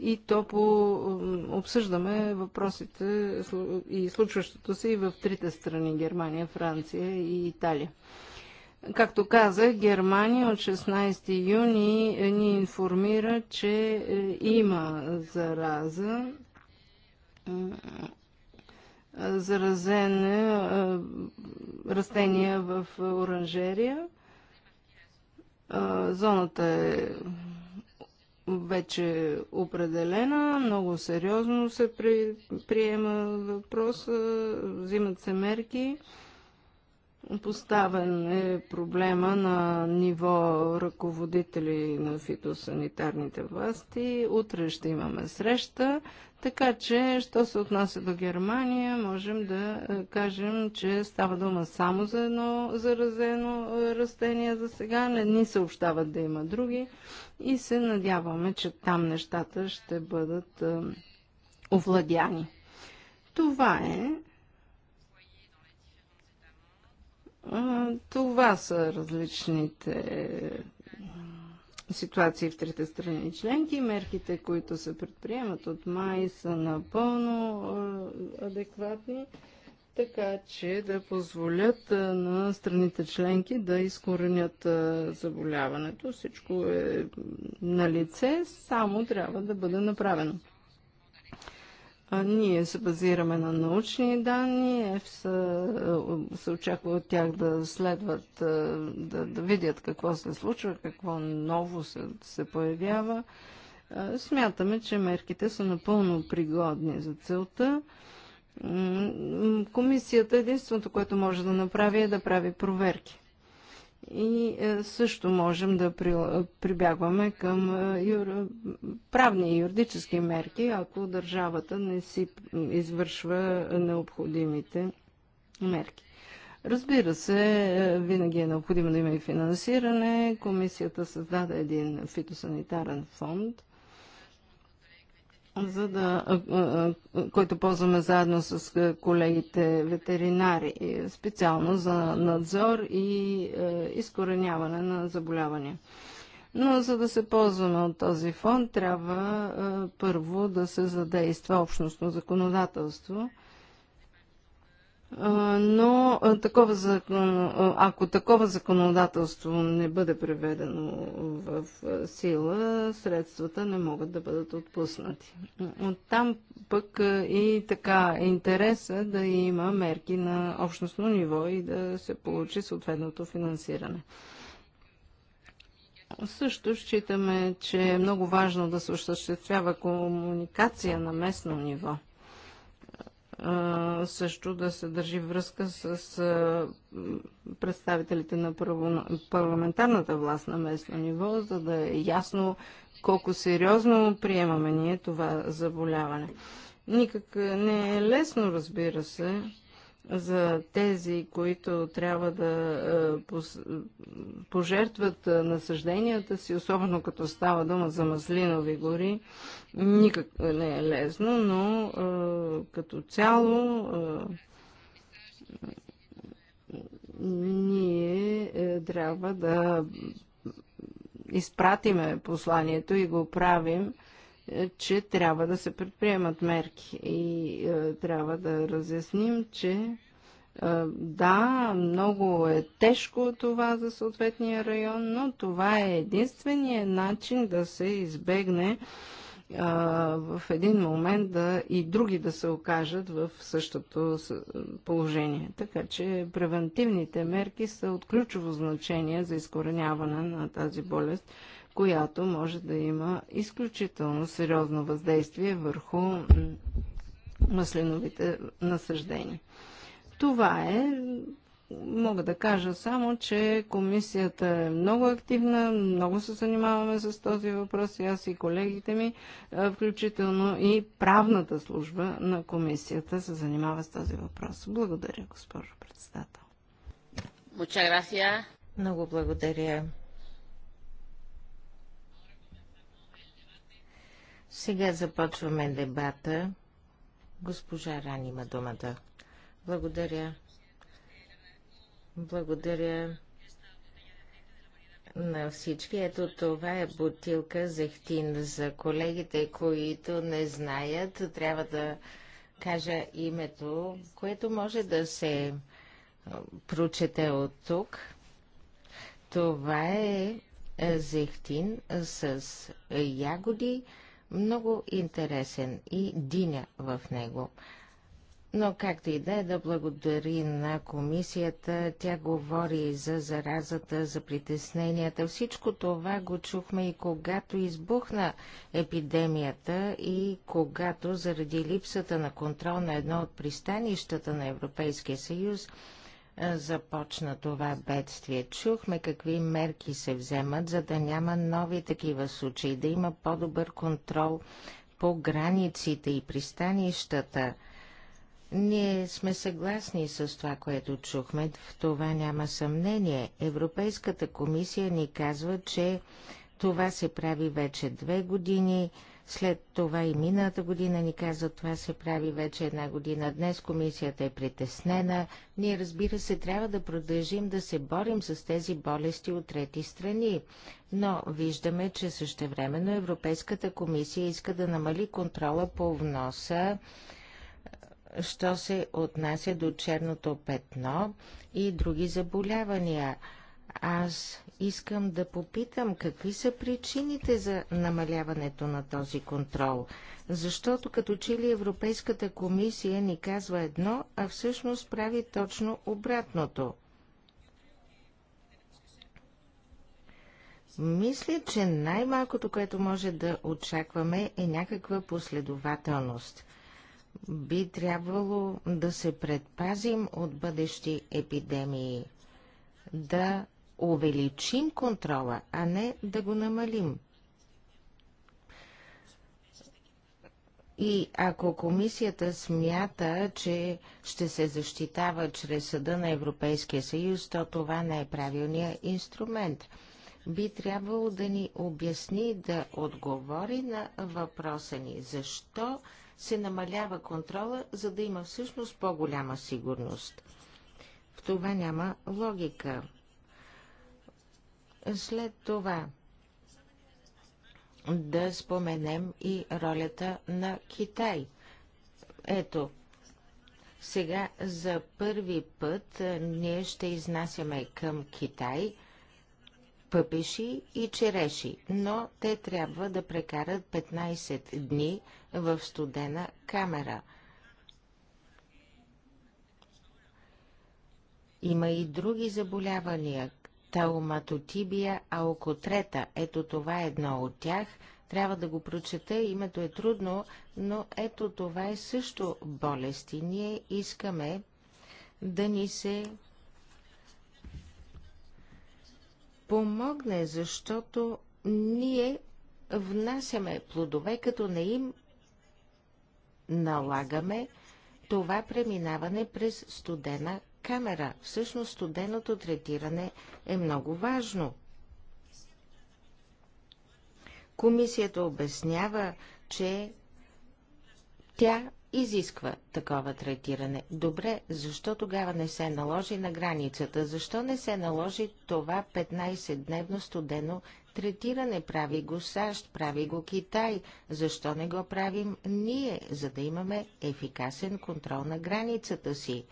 и то по обсъждаме въпросите и случващото се и в трите страни Германия, Франция и Италия. Както каза, Германия от 16 юни ни информира, че е, има зараза. Е, заразен е, растения в оранжерия. Зоната е вече определена, много сериозно се приема въпроса, взимат се мерки. Поставен е проблема на ниво ръководители на фитосанитарните власти. Утре ще имаме среща, така че, що се отнася до Германия, можем да е, кажем, че става дума само за едно заразено е, растение за сега. Не ни съобщават да има други и се надяваме, че там нещата ще бъдат е, овладяни. Това е Това са различните ситуации в трите страни членки. Мерките, които се предприемат от май, са напълно адекватни, така че да позволят на страните членки да изкоренят заболяването. Всичко е на лице, само трябва да бъде направено ние се базираме на научни данни, ЕФСА е, се очаква от тях да следват, е, да, да видят какво се случва, какво ново се, се появява. Е, смятаме, че мерките са напълно пригодни за целта. Комисията единственото, което може да направи е да прави проверки и е, също можем да прибягваме към е, юр... правни и юридически мерки, ако държавата не си извършва необходимите мерки. Разбира се, е, винаги е необходимо да има и финансиране. Комисията създаде един фитосанитарен фонд, за да, който ползваме заедно с колегите ветеринари, специално за надзор и изкореняване на заболявания. Но за да се ползваме от този фонд, трябва първо да се задейства общностно законодателство – но такова ако такова законодателство не бъде преведено в сила, средствата не могат да бъдат отпуснати. Там пък и така интереса да има мерки на общностно ниво и да се получи съответното финансиране. Също считаме, че е много важно да се осъществява комуникация на местно ниво също да се държи връзка с представителите на парламентарната власт на местно ниво, за да е ясно колко сериозно приемаме ние това заболяване. Никак не е лесно, разбира се, за тези, които трябва да е, пожертват е, насъжденията си, особено като става дума за маслинови гори, никак не е лесно, но е, като цяло ние трябва да изпратиме посланието и го правим – че трябва да се предприемат мерки и е, трябва да разясним, че е, да, много е тежко това за съответния район, но това е единствения начин да се избегне е, в един момент да и други да се окажат в същото положение. Така че превентивните мерки са от ключово значение за изкореняване на тази болест която може да има изключително сериозно въздействие върху маслиновите насъждения. Това е, мога да кажа само, че комисията е много активна, много се занимаваме с този въпрос и аз и колегите ми, включително и правната служба на комисията се занимава с този въпрос. Благодаря, госпожо председател. Много благодаря,
Сега започваме дебата. Госпожа Ран има думата. Благодаря. Благодаря на всички. Ето това е бутилка зехтин за колегите, които не знаят. Трябва да кажа името, което може да се прочете от тук. Това е зехтин с ягоди, много интересен и диня в него. Но както и да е да благодари на комисията, тя говори за заразата, за притесненията. Всичко това го чухме и когато избухна епидемията и когато заради липсата на контрол на едно от пристанищата на Европейския съюз започна това бедствие. Чухме какви мерки се вземат, за да няма нови такива случаи, да има по-добър контрол по границите и пристанищата. Ние сме съгласни с това, което чухме, в това няма съмнение. Европейската комисия ни казва, че това се прави вече две години, след това и миналата година ни каза, това се прави вече една година. Днес комисията е притеснена. Ние, разбира се, трябва да продължим да се борим с тези болести от трети страни. Но виждаме, че същевременно Европейската комисия иска да намали контрола по вноса що се отнася до черното петно и други заболявания. Аз искам да попитам какви са причините за намаляването на този контрол. Защото като че ли Европейската комисия ни казва едно, а всъщност прави точно обратното. Мисля, че най-малкото, което може да очакваме е някаква последователност. Би трябвало да се предпазим от бъдещи епидемии, да увеличим контрола, а не да го намалим. И ако комисията смята, че ще се защитава чрез съда на Европейския съюз, то това не е правилният инструмент. Би трябвало да ни обясни, да отговори на въпроса ни. Защо се намалява контрола, за да има всъщност по-голяма сигурност? В това няма логика. След това да споменем и ролята на Китай. Ето, сега за първи път ние ще изнасяме към Китай пъпеши и череши, но те трябва да прекарат 15 дни в студена камера. Има и други заболявания, Тауматотибия трета, Ето това е едно от тях. Трябва да го прочета, името е трудно, но ето това е също болест и ние искаме да ни се помогне, защото ние внасяме плодове, като не им налагаме това преминаване през студена камера. Всъщност студеното третиране е много важно. Комисията обяснява, че тя изисква такова третиране. Добре, защо тогава не се наложи на границата? Защо не се наложи това 15-дневно студено третиране? Прави го САЩ, прави го Китай. Защо не го правим ние, за да имаме ефикасен контрол на границата си?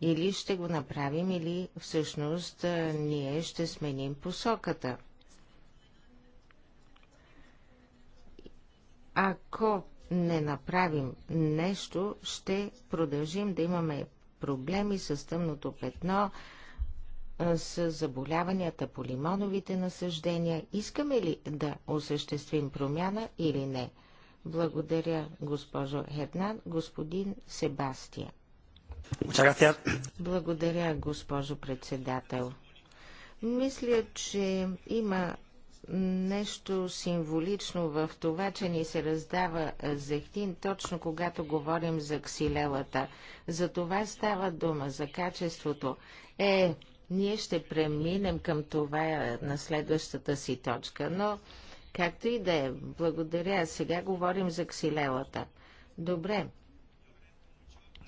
Или ще го направим, или всъщност ние ще сменим посоката. Ако не направим нещо, ще продължим да имаме проблеми с тъмното петно, с заболяванията по лимоновите насъждения. Искаме ли да осъществим промяна или не? Благодаря, госпожо Хернан, господин Себастия. Благодаря, госпожо председател. Мисля, че има нещо символично в това, че ни се раздава зехтин, точно когато говорим за ксилелата. За това става дума, за качеството. Е, ние ще преминем към това на следващата си точка, но както и да е, благодаря. Сега говорим за ксилелата. Добре,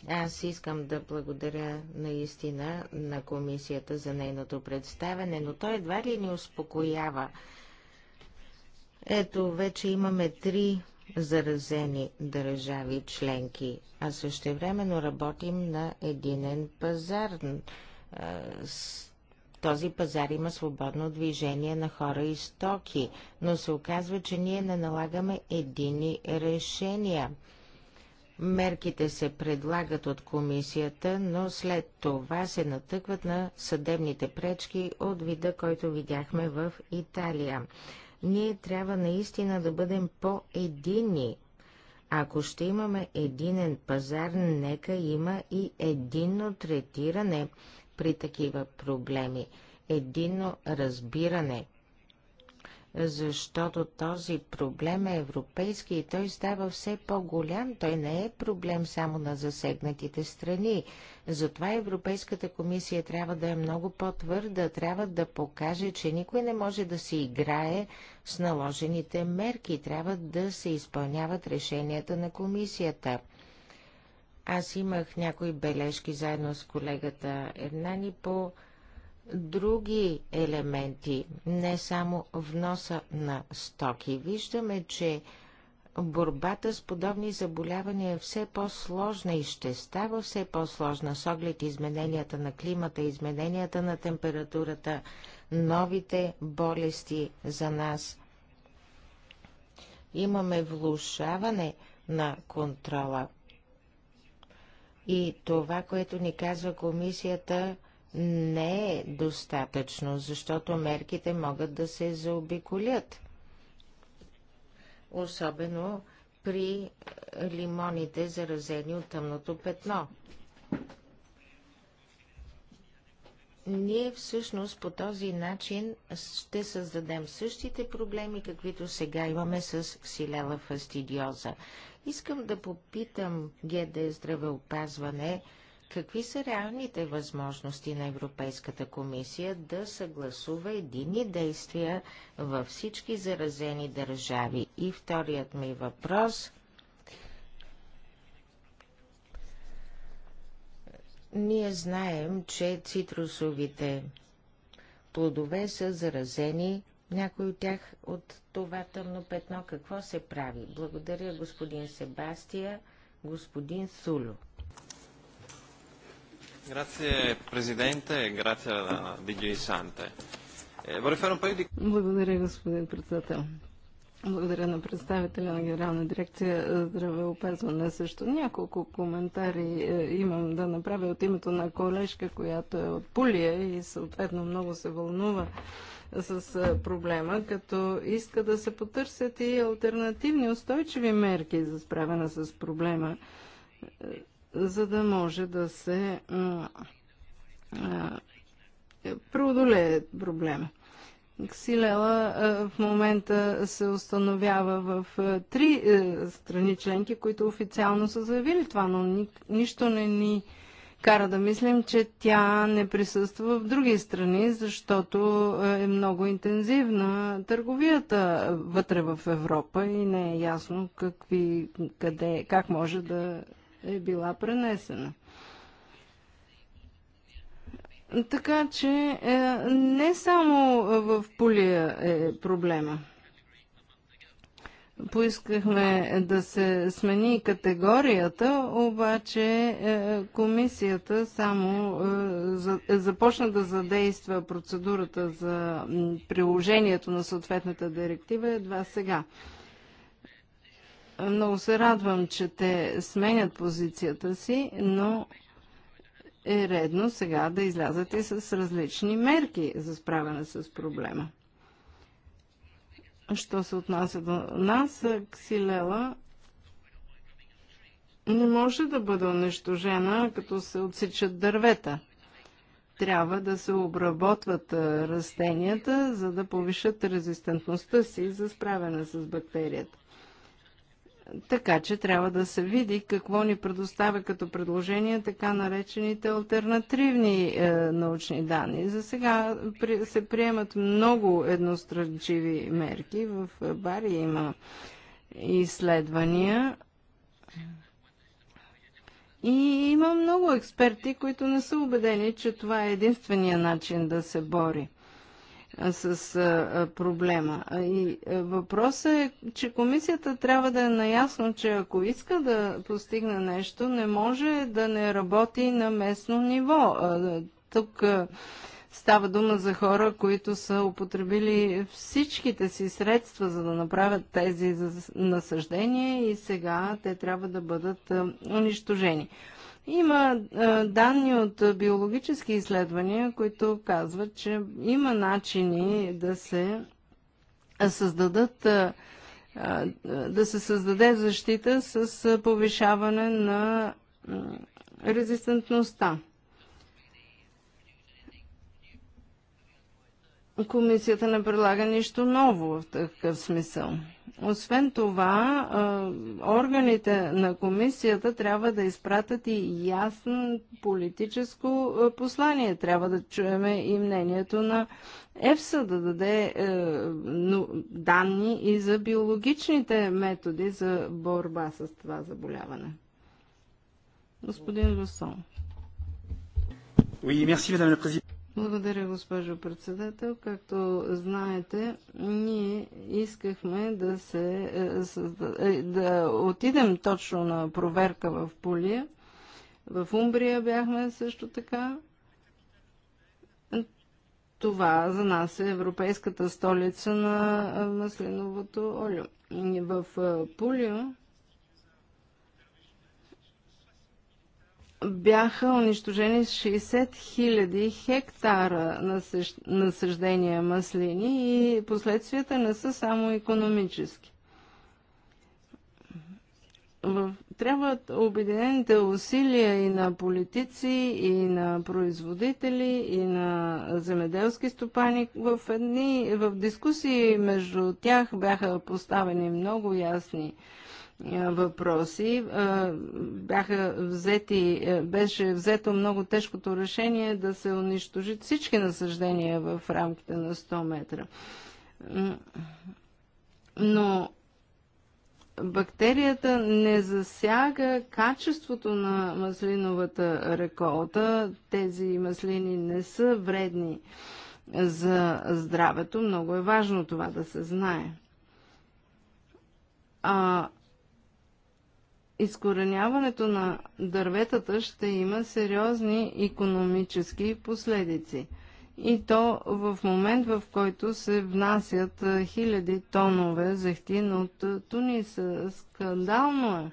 аз искам да благодаря наистина на комисията за нейното представяне, но той едва ли ни успокоява. Ето, вече имаме три заразени държави членки, а същевременно работим на единен пазар. Този пазар има свободно движение на хора и стоки, но се оказва, че ние не налагаме едини решения – Мерките се предлагат от комисията, но след това се натъкват на съдебните пречки от вида, който видяхме в Италия. Ние трябва наистина да бъдем по-едини. Ако ще имаме единен пазар, нека има и единно третиране при такива проблеми, единно разбиране защото този проблем е европейски и той става все по-голям. Той не е проблем само на засегнатите страни. Затова Европейската комисия трябва да е много по-твърда, трябва да покаже, че никой не може да се играе с наложените мерки, трябва да се изпълняват решенията на комисията. Аз имах някои бележки заедно с колегата Ернани по други елементи, не само вноса на стоки. Виждаме, че борбата с подобни заболявания е все по-сложна и ще става все по-сложна с оглед измененията на климата, измененията на температурата, новите болести за нас. Имаме влушаване на контрола. И това, което ни казва комисията, не е достатъчно, защото мерките могат да се заобиколят. Особено при лимоните, заразени от тъмното петно. Ние всъщност по този начин ще създадем същите проблеми, каквито сега имаме с ксилела фастидиоза. Искам да попитам ГД здравеопазване – Какви са реалните възможности на Европейската комисия да съгласува едини действия във всички заразени държави? И вторият ми въпрос. Ние знаем, че цитрусовите плодове са заразени, някои от тях от това тъмно петно. Какво се прави? Благодаря господин Себастия, господин Сулю.
E
eh, Благодаря, господин председател. Благодаря на представителя на Генерална дирекция здравеопазване също. Няколко коментари е, имам да направя от името на колежка, която е от Пулия и съответно много се вълнува с е, проблема, като иска да се потърсят и альтернативни устойчиви мерки за справяне с проблема. Е, за да може да се преодолее проблема. Ксилела в момента се установява в три е, страни членки, които официално са заявили това, но ни, нищо не ни кара да мислим, че тя не присъства в други страни, защото е, е много интензивна търговията вътре в Европа и не е ясно какви, къде, как може да е била пренесена. Така че е, не само в полия е проблема. Поискахме да се смени категорията, обаче е, комисията само е, е, започна да задейства процедурата за приложението на съответната директива едва сега. Много се радвам, че те сменят позицията си, но е редно сега да излязат и с различни мерки за справяне с проблема. Що се отнася до нас, ксилела не може да бъде унищожена, като се отсичат дървета. Трябва да се обработват растенията, за да повишат резистентността си за справяне с бактерията. Така че трябва да се види какво ни предоставя като предложение така наречените альтернативни е, научни данни. За сега при, се приемат много едностранчиви мерки. В Бари има изследвания. И има много експерти, които не са убедени, че това е единствения начин да се бори с а, проблема. И въпросът е, че комисията трябва да е наясно, че ако иска да постигне нещо, не може да не работи на местно ниво. А, тук а, става дума за хора, които са употребили всичките си средства, за да направят тези насъждения и сега те трябва да бъдат унищожени. Има а, е, данни от биологически изследвания, които казват, че има начини да се създадат а, е, е, да се създаде защита с повишаване на резистентността. Комисията не предлага нищо ново в такъв смисъл. Освен това, органите на комисията трябва да изпратят и ясно политическо послание. Трябва да чуем и мнението на ЕФСА да даде е, данни и за биологичните методи за борба с това заболяване. Господин Русон. Oui, merci, madame la présidente. Благодаря, госпожо председател. Както знаете, ние искахме да, се, е, е, да отидем точно на проверка в Полия. В Умбрия бяхме също така. Това за нас е европейската столица на е, маслиновото олио. В Пулио бяха унищожени 60 000 хектара насъждения маслини и последствията не са само економически. Трябват обединените усилия и на политици, и на производители, и на земеделски стопани. В, едни, в дискусии между тях бяха поставени много ясни е, въпроси. Е, бяха взети, е, беше взето много тежкото решение да се унищожат всички насъждения в рамките на 100 метра. Но бактерията не засяга качеството на маслиновата реколта. Тези маслини не са вредни за здравето. Много е важно това да се знае. А изкореняването на дърветата ще има сериозни економически последици. И то в момент, в който се внасят хиляди тонове зехтин от Тунис. Скандално е.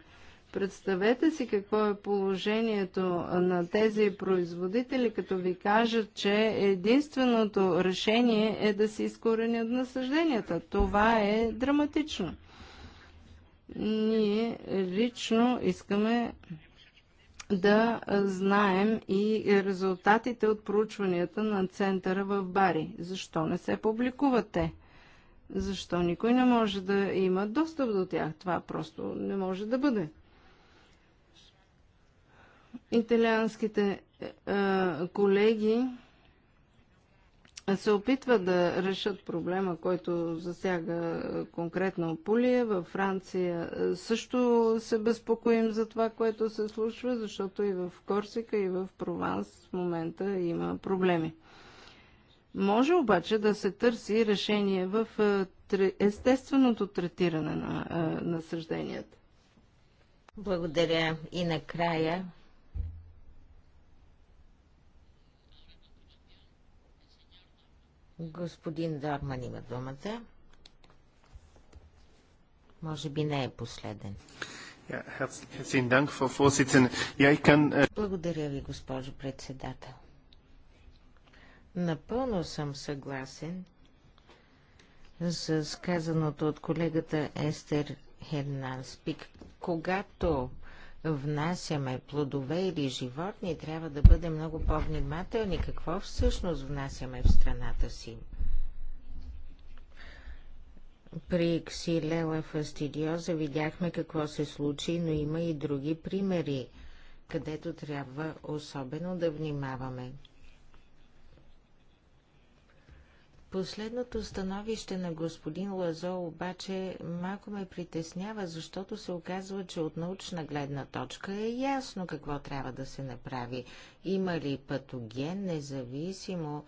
Представете си какво е положението на тези производители, като ви кажат, че единственото решение е да се изкоренят насъжденията. Това е драматично ние лично искаме да знаем и резултатите от проучванията на центъра в Бари. Защо не се публикуват те? Защо никой не може да има достъп до тях? Това просто не може да бъде. Италианските е, е колеги се опитва да решат проблема, който засяга конкретно Пулия. Във Франция също се безпокоим за това, което се случва, защото и в Корсика, и в Прованс в момента има проблеми. Може обаче да се търси решение в е, естественото третиране на е, насъжденията.
Благодаря и накрая Господин Дарман, има думата. Може би не е последен.
Äh,
Благодаря ви, госпожо председател. Напълно съм съгласен с казаното от колегата Естер Хернанспик. Когато внасяме плодове или животни, трябва да бъдем много по-внимателни какво всъщност внасяме в страната си. При ксилела фастидиоза видяхме какво се случи, но има и други примери, където трябва особено да внимаваме. Последното становище на господин Лазо обаче малко ме притеснява, защото се оказва, че от научна гледна точка е ясно какво трябва да се направи. Има ли патоген, независимо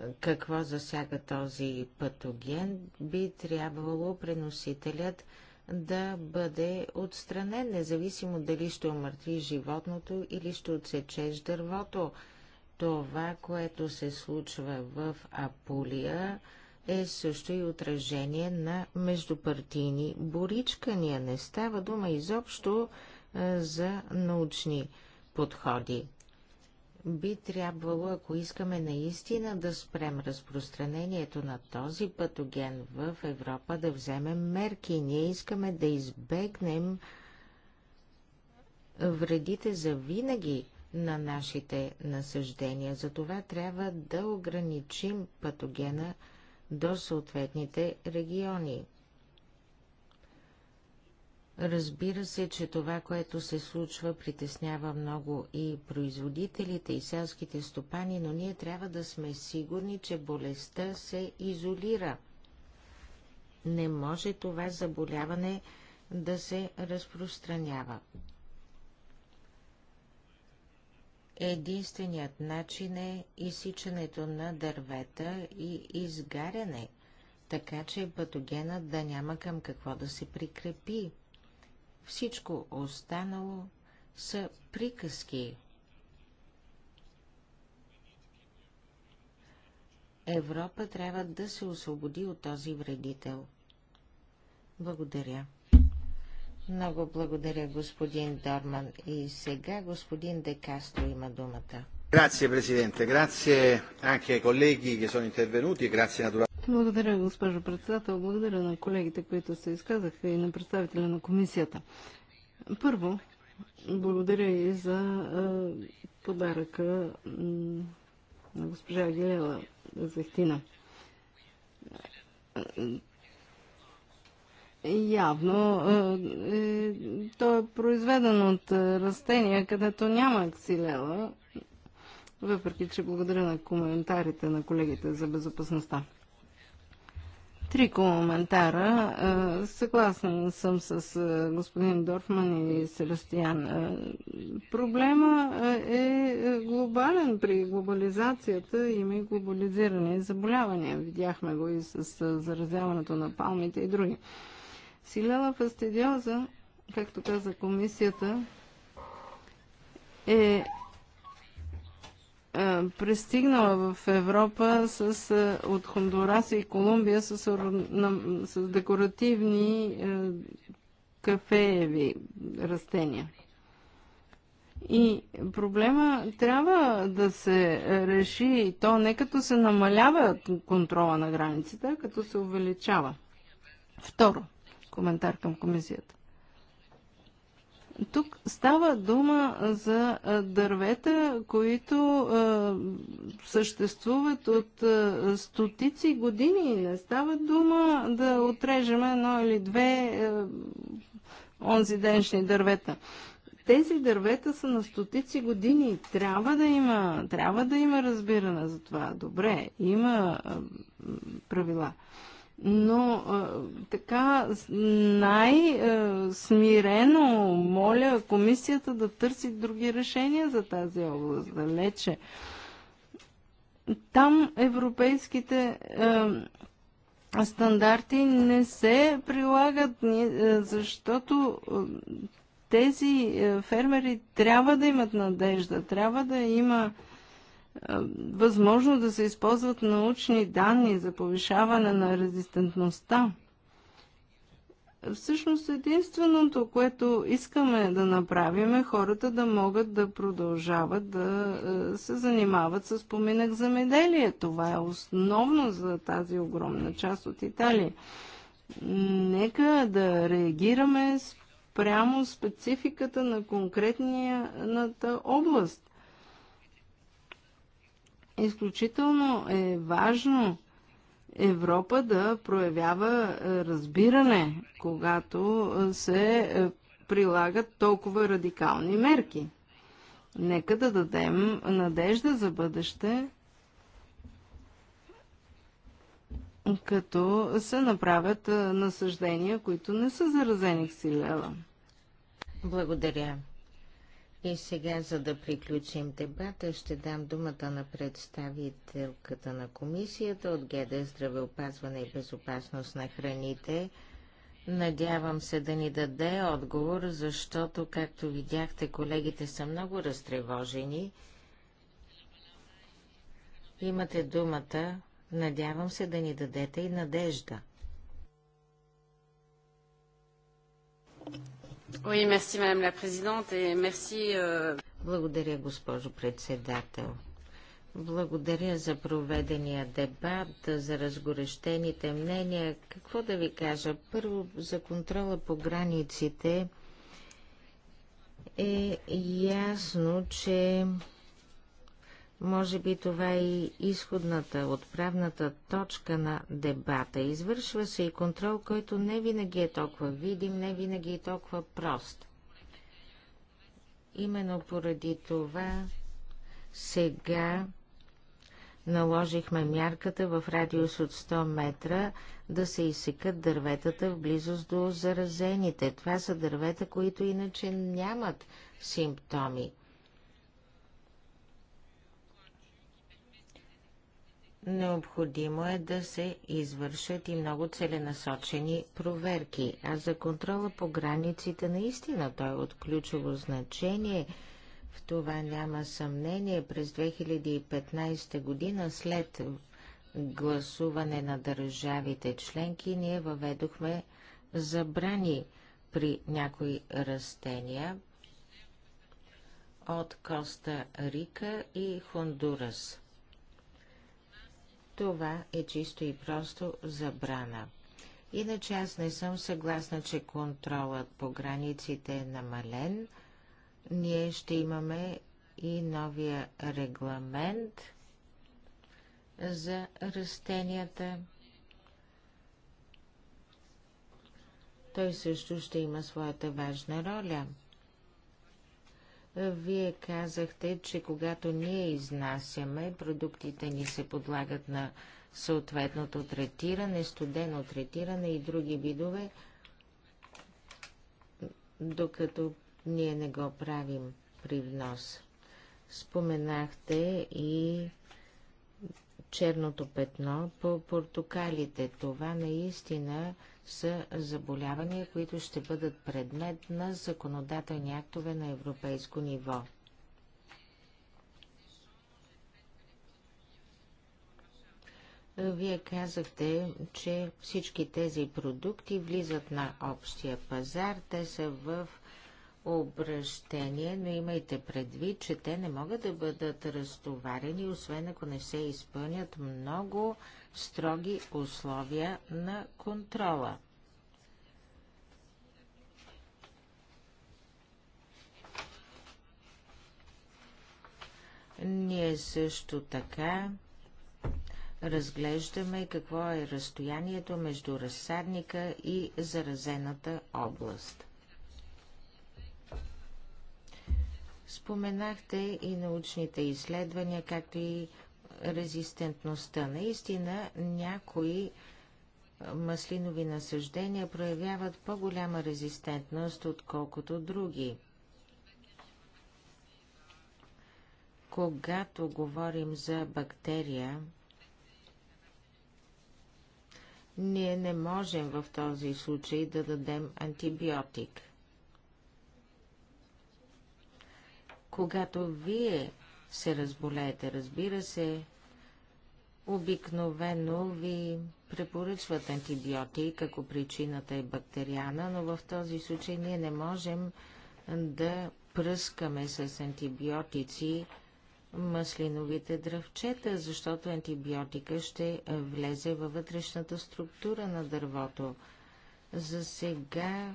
е, какво засяга този патоген, би трябвало преносителят да бъде отстранен, независимо дали ще омъртви животното или ще отсечеш дървото. Това, което се случва в Аполия, е също и отражение на междупартийни боричкания. Не става дума изобщо за научни подходи. Би трябвало, ако искаме наистина да спрем разпространението на този патоген в Европа, да вземем мерки. Ние искаме да избегнем вредите за винаги на нашите насъждения. Затова трябва да ограничим патогена до съответните региони. Разбира се, че това, което се случва, притеснява много и производителите, и селските стопани, но ние трябва да сме сигурни, че болестта се изолира. Не може това заболяване да се разпространява. Единственият начин е изсичането на дървета и изгаряне, така че патогенът да няма към какво да се прикрепи. Всичко останало са приказки. Европа трябва да се освободи от този вредител. Благодаря. Много благодаря, господин Дорман. И сега господин
Декастро има думата.
Grazie Presidente, grazie anche ai colleghi che sono intervenuti e grazie naturalmente.
Благодаря, госпожо председател. Благодаря на колегите, които се изказаха и на представителя на комисията. Първо, благодаря и за е, подаръка на госпожа Гелела Захтина. Явно е, е, то е произведен от е, растения, където няма ксилела, въпреки че благодаря на коментарите на колегите за безопасността. Три коментара. Е, съгласен съм с господин Дорфман и Селестиян. Проблема е глобален при глобализацията. Има и глобализирани заболявания. Видяхме го и с заразяването на палмите и други. Силела фастидиоза, както каза комисията, е, е пристигнала в Европа с, е, от Хондурас и Колумбия с, с декоративни е, кафееви растения. И проблема трябва да се реши, и то не като се намалява контрола на границите, а като се увеличава. Второ, коментар към комисията. Тук става дума за дървета, които съществуват от стотици години. Не става дума да отрежем едно или две онзи деншни дървета. Тези дървета са на стотици години. Трябва да има, трябва да има разбиране за това. Добре, има правила но така най-смирено моля комисията да търси други решения за тази област, далече. Там европейските а, стандарти не се прилагат, защото тези фермери трябва да имат надежда, трябва да има е, възможно да се използват научни данни за повишаване на резистентността. Всъщност единственото, което искаме да направим е хората да могат да продължават да е, се занимават с поминък меделие. Това е основно за тази огромна част от Италия. Нека да реагираме прямо спецификата на конкретната област изключително е важно Европа да проявява е, разбиране, когато е, се е, прилагат толкова радикални мерки. Нека да дадем надежда за бъдеще, като се направят насъждения, които не са заразени в силела. Благодаря. И сега, за да
приключим дебата, ще дам думата на представителката на комисията от ГД Здравеопазване и безопасност на храните. Надявам се да ни даде отговор, защото, както видяхте, колегите са много разтревожени. Имате думата. Надявам се да ни дадете и надежда.
Euh, Благодаря,
госпожо председател. Благодаря за проведения дебат, за разгорещените мнения. Какво да ви кажа? Първо, за контрола по границите е ясно, че може би това е и изходната, отправната точка на дебата. Извършва се и контрол, който не винаги е толкова видим, не винаги е толкова прост. Именно поради това сега наложихме мярката в радиус от 100 метра да се изсекат дърветата в близост до заразените. Това са дървета, които иначе нямат симптоми. Необходимо е да се извършат и много целенасочени проверки, а за контрола по границите наистина той е от ключово значение. В това няма съмнение. През 2015 година след гласуване на държавите членки ние въведохме забрани при някои растения от Коста Рика и Хондурас. Това е чисто и просто забрана. Иначе аз не съм съгласна, че контролът по границите е намален. Ние ще имаме и новия регламент за растенията. Той също ще има своята важна роля – вие казахте, че когато ние изнасяме, продуктите ни се подлагат на съответното третиране, студено третиране и други видове, докато ние не го правим при внос. Споменахте и черното петно по портокалите. Това наистина са заболявания, които ще бъдат предмет на законодателни актове на европейско ниво. Вие казахте, че всички тези продукти влизат на общия пазар, те са в обращение, но имайте предвид, че те не могат да бъдат разтоварени, освен ако не се изпълнят много строги условия на контрола. Ние също така разглеждаме какво е разстоянието между разсадника и заразената област. Споменахте и научните изследвания, както и резистентността. Наистина някои маслинови насъждения проявяват по-голяма резистентност, отколкото други. Когато говорим за бактерия, ние не можем в този случай да дадем антибиотик. Когато вие се разболеете, разбира се, обикновено ви препоръчват антибиотик, ако причината е бактериана, но в този случай ние не можем да пръскаме с антибиотици маслиновите дръвчета, защото антибиотика ще влезе във вътрешната структура на дървото. За сега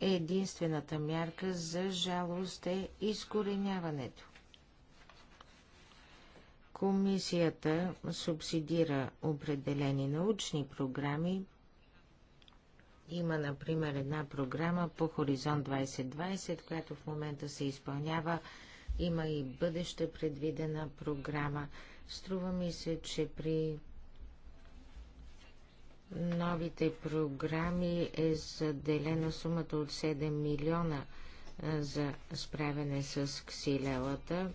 единствената мярка за жалост е изкореняването. Комисията субсидира определени научни програми. Има, например, една програма по Хоризонт 2020, която в момента се изпълнява. Има и бъдеща предвидена програма. Струва ми се, че при новите програми е заделена сумата от 7 милиона за справяне с ксилелата.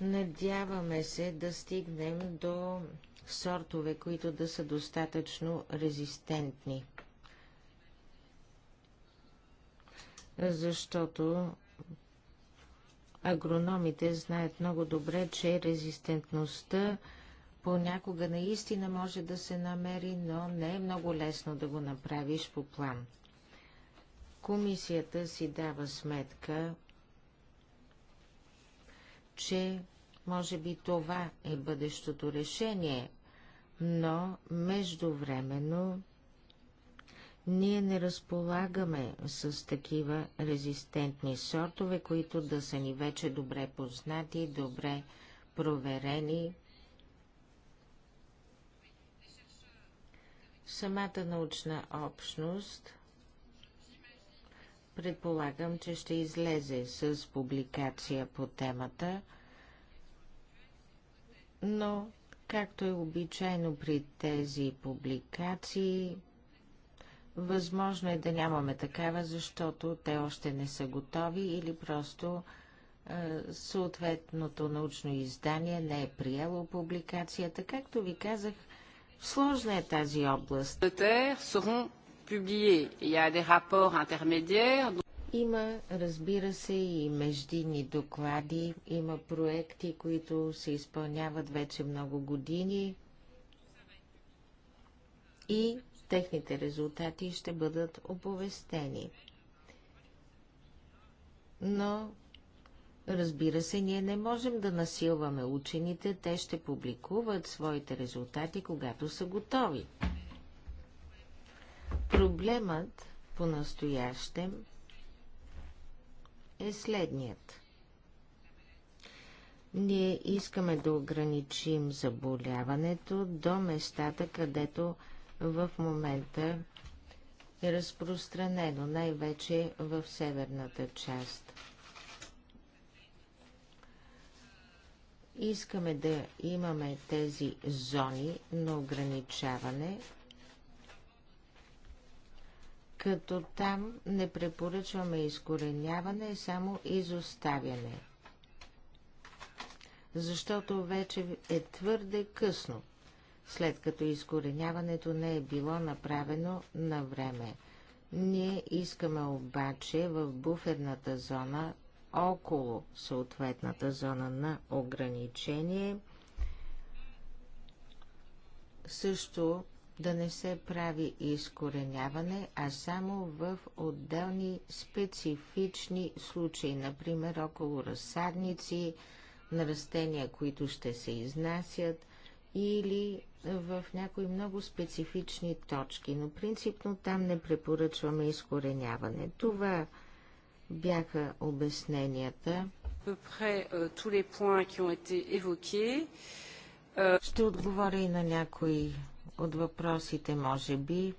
Надяваме се да стигнем до сортове, които да са достатъчно резистентни. Защото агрономите знаят много добре, че резистентността Понякога наистина може да се намери, но не е много лесно да го направиш по план. Комисията си дава сметка, че може би това е бъдещото решение, но междувременно ние не разполагаме с такива резистентни сортове, които да са ни вече добре познати, добре проверени. самата научна общност предполагам, че ще излезе с публикация по темата, но както е обичайно при тези публикации, възможно е да нямаме такава, защото те още не са готови или просто съответното научно издание не е приело публикацията. Както ви казах, Сложна е тази област. Има, разбира се, и междинни доклади, има проекти, които се изпълняват вече много години и техните резултати ще бъдат оповестени. Но Разбира се, ние не можем да насилваме учените, те ще публикуват своите резултати, когато са готови. Проблемът по-настоящем е следният. Ние искаме да ограничим заболяването до местата, където в момента е разпространено, най-вече в северната част – Искаме да имаме тези зони на ограничаване, като там не препоръчваме изкореняване, само изоставяне. Защото вече е твърде късно, след като изкореняването не е било направено на време. Ние искаме обаче в буферната зона около съответната зона на ограничение. Също да не се прави изкореняване, а само в отделни специфични случаи, например около разсадници на растения, които ще се изнасят или в някои много специфични точки, но принципно там не препоръчваме изкореняване. Това бяха обясненията.
Euh,
euh, ще отговоря и на някои от въпросите, може би.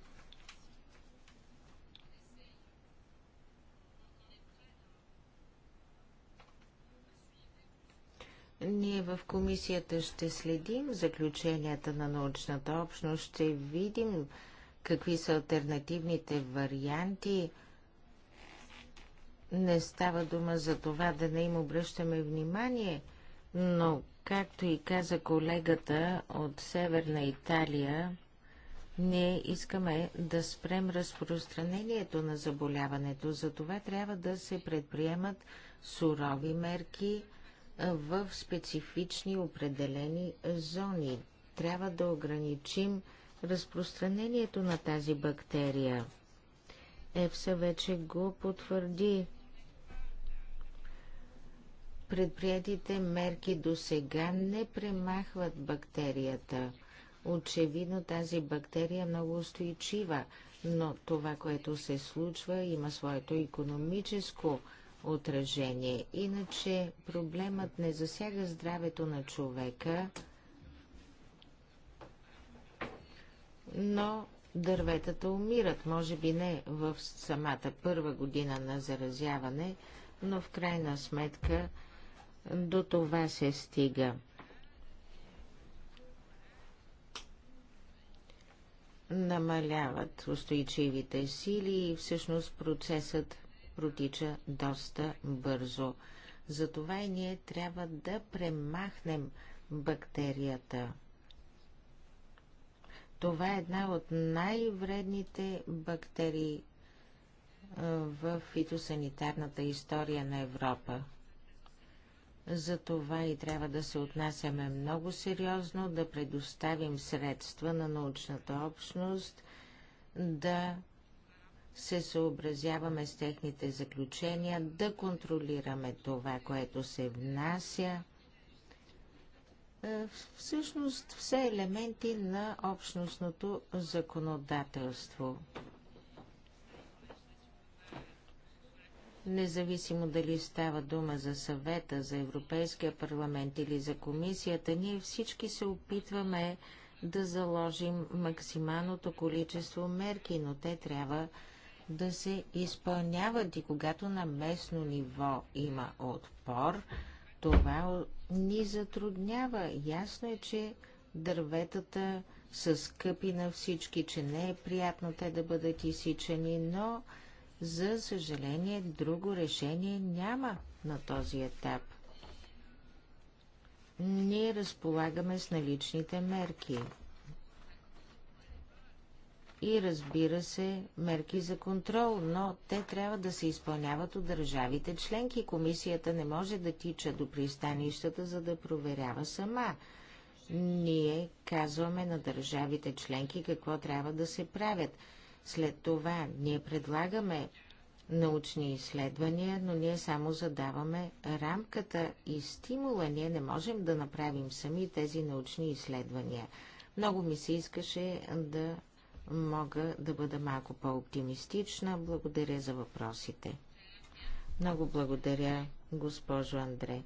Ние в комисията ще следим заключенията на научната общност, ще видим какви са альтернативните варианти, не става дума за това да не им обръщаме внимание, но, както и каза колегата от Северна Италия, ние искаме да спрем разпространението на заболяването, това трябва да се предприемат сурови мерки в специфични определени зони. Трябва да ограничим разпространението на тази бактерия. ЕПСА вече го потвърди. Предприятите мерки до сега не премахват бактерията. Очевидно тази бактерия е много устойчива, но това, което се случва, има своето економическо отражение. Иначе проблемът не засяга здравето на човека, но дърветата умират. Може би не в самата първа година на заразяване, но в крайна сметка до това се стига. Намаляват устойчивите сили и всъщност процесът протича доста бързо. Затова и ние трябва да премахнем бактерията. Това е една от най-вредните бактерии в фитосанитарната история на Европа. За това и трябва да се отнасяме много сериозно, да предоставим средства на научната общност, да се съобразяваме с техните заключения, да контролираме това, което се внася. Е, всъщност все елементи на общностното законодателство. Независимо дали става дума за съвета, за Европейския парламент или за комисията, ние всички се опитваме да заложим максималното количество мерки, но те трябва да се изпълняват и когато на местно ниво има отпор, това ни затруднява. Ясно е, че дърветата са скъпи на всички, че не е приятно те да бъдат изсичани, но за съжаление, друго решение няма на този етап. Ние разполагаме с наличните мерки. И разбира се, мерки за контрол, но те трябва да се изпълняват от държавите членки. Комисията не може да тича до пристанищата, за да проверява сама ние казваме на държавите членки какво трябва да се правят. След това ние предлагаме научни изследвания, но ние само задаваме рамката и стимула. Ние не можем да направим сами тези научни изследвания. Много ми се искаше да мога да бъда малко по-оптимистична. Благодаря за въпросите. Много благодаря, госпожо Андре.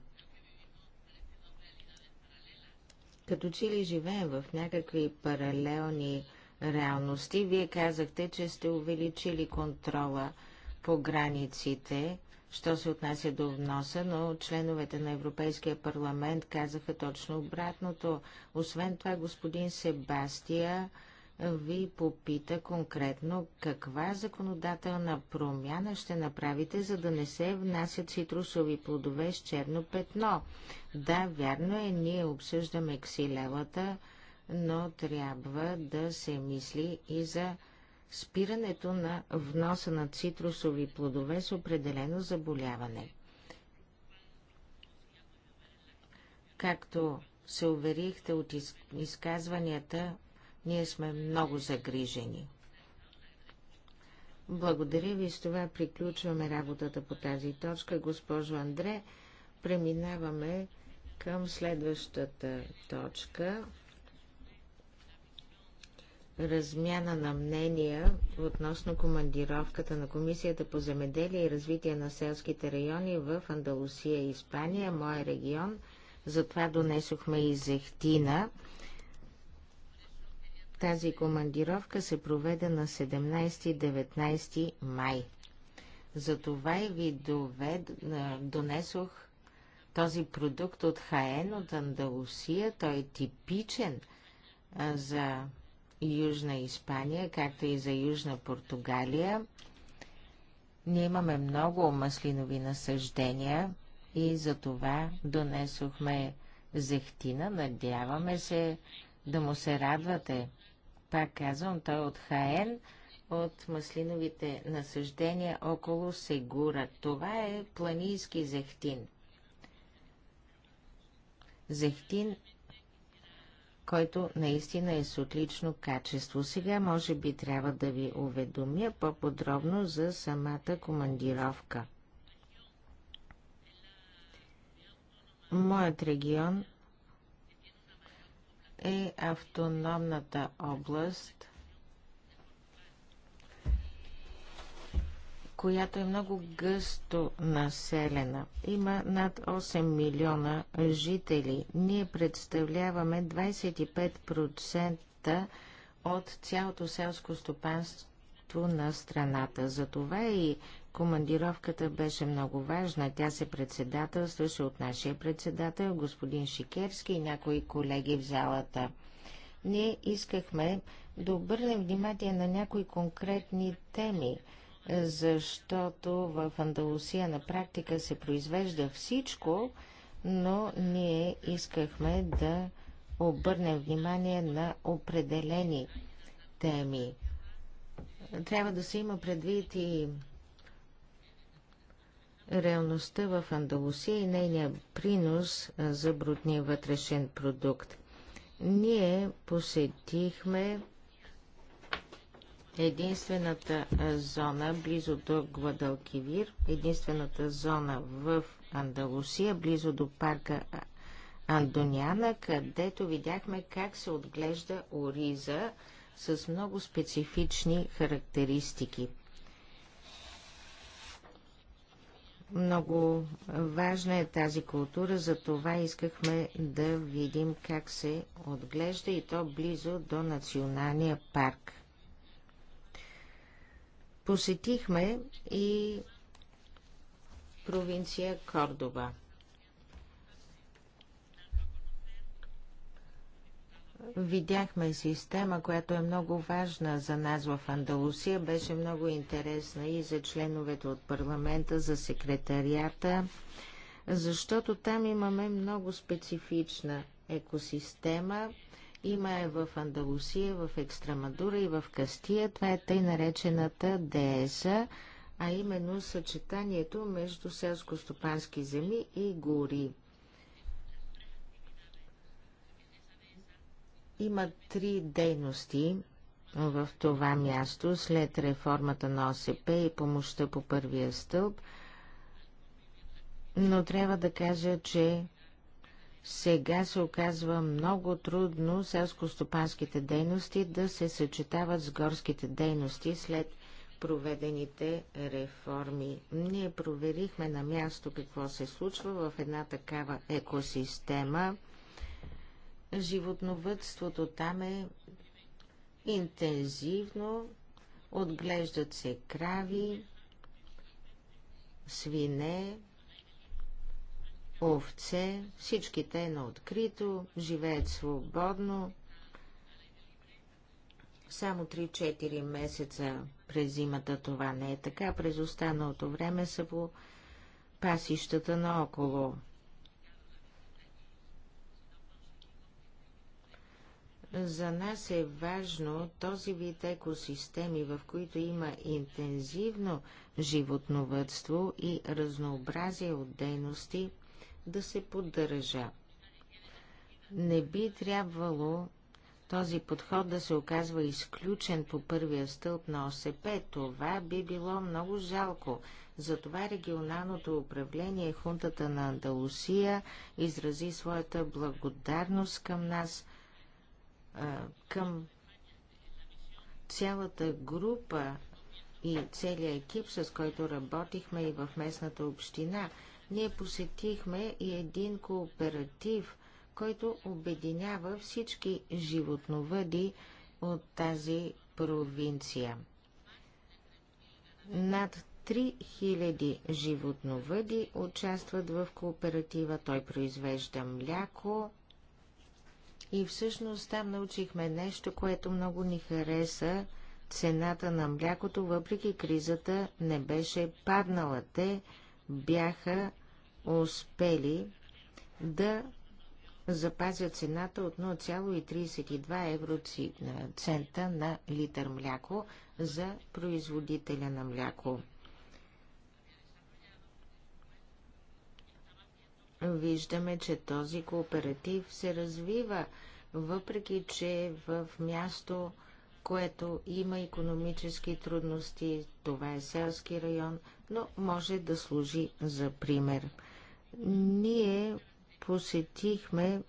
Като че ли живеем в някакви паралелни реалности. Вие казахте, че сте увеличили контрола по границите, що се отнася до вноса, но членовете на Европейския парламент казаха точно обратното. Освен това, господин Себастия ви попита конкретно каква законодателна промяна ще направите, за да не се внасят цитрусови плодове с черно петно. Да, вярно е, ние обсъждаме ксилелата, но трябва да се мисли и за спирането на вноса на цитрусови плодове с определено заболяване. Както се уверихте от изказванията, ние сме много загрижени. Благодаря ви, с това приключваме работата по тази точка. Госпожо Андре, преминаваме към следващата точка размяна на мнения относно командировката на Комисията по земеделие и развитие на селските райони в Андалусия и Испания, моя регион. Затова донесохме и зехтина. Тази командировка се проведе на 17-19 май. Затова и ви довед, донесох този продукт от Хаен, от Андалусия. Той е типичен за Южна Испания, както и за Южна Португалия. Ние имаме много маслинови насъждения и за това донесохме зехтина. Надяваме се да му се радвате. Пак казвам, той е от Хаен, от маслиновите насъждения около Сегура. Това е планийски зехтин. Зехтин който наистина е с отлично качество. Сега може би трябва да ви уведомя по-подробно за самата командировка. Моят регион е автономната област – която е много гъсто населена. Има над 8 милиона жители. Ние представляваме 25% от цялото селско стопанство на страната. Затова и командировката беше много важна. Тя се председателстваше от нашия председател, господин Шикерски и някои колеги в залата. Ние искахме да обърнем внимание на някои конкретни теми – защото в Андалусия на практика се произвежда всичко, но ние искахме да обърнем внимание на определени теми. Трябва да се има предвид и реалността в Андалусия и нейния принос за брутния вътрешен продукт. Ние посетихме единствената зона близо до Гвадалкивир, единствената зона в Андалусия, близо до парка Андоняна, където видяхме как се отглежда ориза с много специфични характеристики. Много важна е тази култура, за това искахме да видим как се отглежда и то близо до националния парк. Посетихме и провинция Кордова. Видяхме система, която е много важна за нас в Андалусия. Беше много интересна и за членовете от парламента, за секретарията, защото там имаме много специфична екосистема, има е в Андалусия, в Екстрамадура и в Кастия. Това е тъй наречената ДЕСА, а именно съчетанието между селско-стопански земи и гори. Има три дейности в това място след реформата на ОСП и помощта по първия стълб, но трябва да кажа, че сега се оказва много трудно селско-стопанските дейности да се съчетават с горските дейности след проведените реформи. Ние проверихме на място какво се случва в една такава екосистема. Животновътството там е интензивно, отглеждат се крави, свине, овце, всички те е на открито, живеят свободно. Само 3-4 месеца през зимата това не е така, през останалото време са по пасищата наоколо. За нас е важно този вид екосистеми, в които има интензивно животновътство и разнообразие от дейности, да се поддържа. Не би трябвало този подход да се оказва изключен по първия стълб на ОСП. Това би било много жалко. Затова регионалното управление, хунтата на Андалусия, изрази своята благодарност към нас, към цялата група и целият екип, с който работихме и в местната община – ние посетихме и един кооператив, който обединява всички животновъди от тази провинция. Над 3000 животновъди участват в кооператива. Той произвежда мляко. И всъщност там научихме нещо, което много ни хареса. Цената на млякото, въпреки кризата, не беше паднала. Те бяха успели да запазят цената от 0,32 евро цента на литър мляко за производителя на мляко. Виждаме, че този кооператив се развива, въпреки че е в място, което има економически трудности, това е селски район, но може да служи за пример. Ние посетихме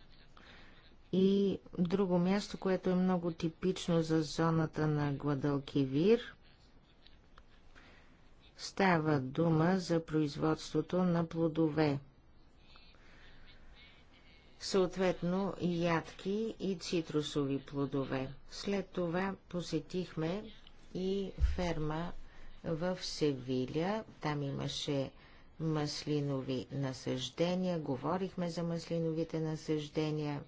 и друго място, което е много типично за зоната на Гладалкивир. Става дума за производството на плодове. Съответно ядки и цитрусови плодове. След това посетихме и ферма в Севиля. Там имаше маслинови насъждения. Говорихме за маслиновите насъждения.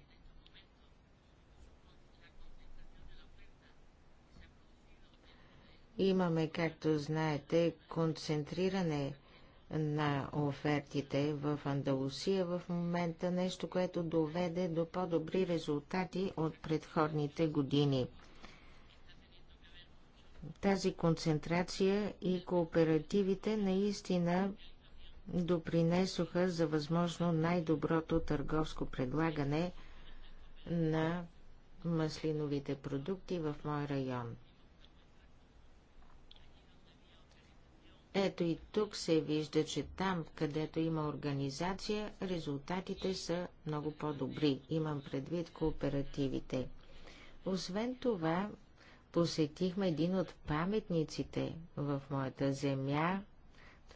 Имаме, както знаете, концентриране на офертите в Андалусия в момента, нещо, което доведе до по-добри резултати от предходните години. Тази концентрация и кооперативите наистина допринесоха за възможно най-доброто търговско предлагане на маслиновите продукти в мой район. Ето и тук се вижда, че там, където има организация, резултатите са много по-добри. Имам предвид кооперативите. Освен това, посетихме един от паметниците в моята земя,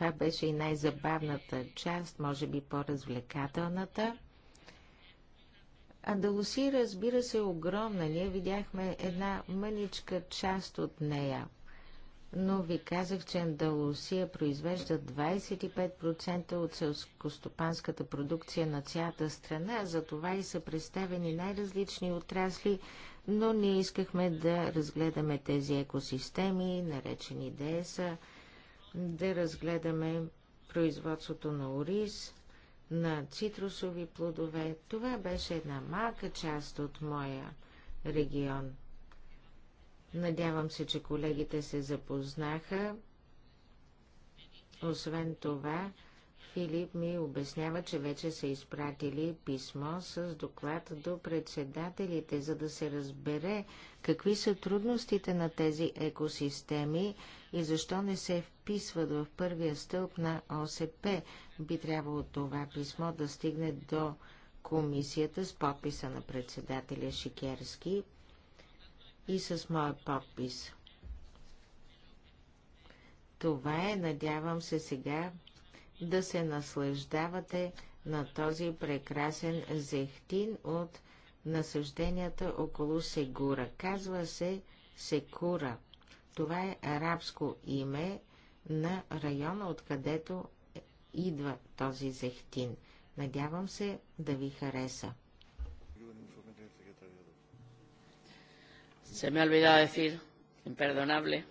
това беше и най-забавната част, може би по-развлекателната. Андалусия, разбира се, е огромна. Ние видяхме една мъничка част от нея. Но ви казах, че Андалусия произвежда 25% от селскостопанската продукция на цялата страна, затова и са представени най-различни отрасли, но ние искахме да разгледаме тези екосистеми, наречени ДЕСА, да разгледаме производството на ориз, на цитрусови плодове. Това беше една малка част от моя регион. Надявам се, че колегите се запознаха. Освен това, Филип ми обяснява, че вече са изпратили писмо с доклад до председателите, за да се разбере какви са трудностите на тези екосистеми и защо не се вписват в първия стълб на ОСП. Би трябвало това писмо да стигне до комисията с подписа на председателя Шикерски и с моя подпис. Това е, надявам се сега, да се наслаждавате на този прекрасен зехтин от насъжденията около Сегура. Казва се Секура. Това е арабско име на района, откъдето идва този зехтин. Надявам се да ви хареса. Se me ha olvidado decir, imperdonable,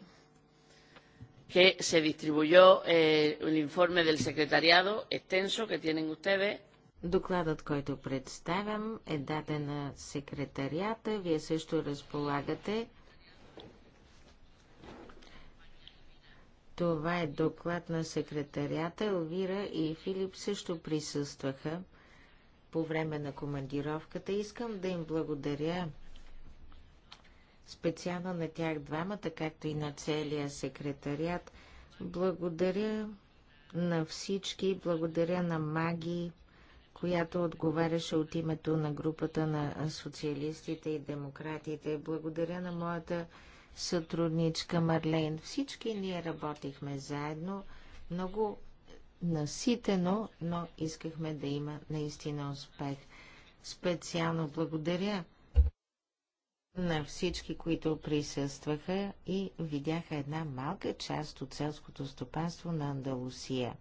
que se distribuyó eh, el informe del secretariado extenso que tienen ustedes. Докладът, който представям, е даден на секретарията. Вие също разполагате. Това е доклад на секретарията. Елвира и Филип също присъстваха по време на командировката. Искам да им благодаря специално на тях двамата, както и на целия секретарят. Благодаря на всички, благодаря на Маги, която отговаряше от името на групата на социалистите и демократите. Благодаря на моята сътрудничка Марлейн. Всички ние работихме заедно, много наситено, но искахме да има наистина успех. Специално благодаря на всички, които присъстваха и видяха една малка част от селското стопанство на Андалусия.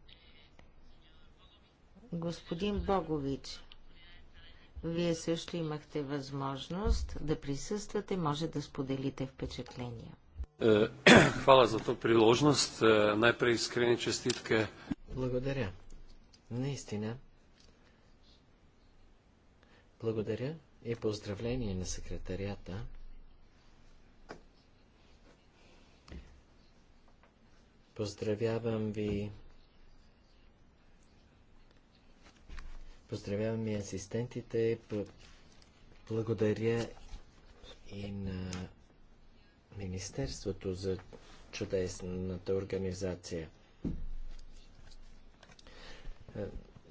Господин Богович, вие също имахте възможност да присъствате, може да споделите впечатления.
Е, <clears throat> хвала за то приложност. Е, най искрени честитка.
Благодаря.
Наистина. Благодаря и е поздравление на секретарията. Поздравявам ви Поздравявам и асистентите. Благодаря и на Министерството за чудесната организация. Е,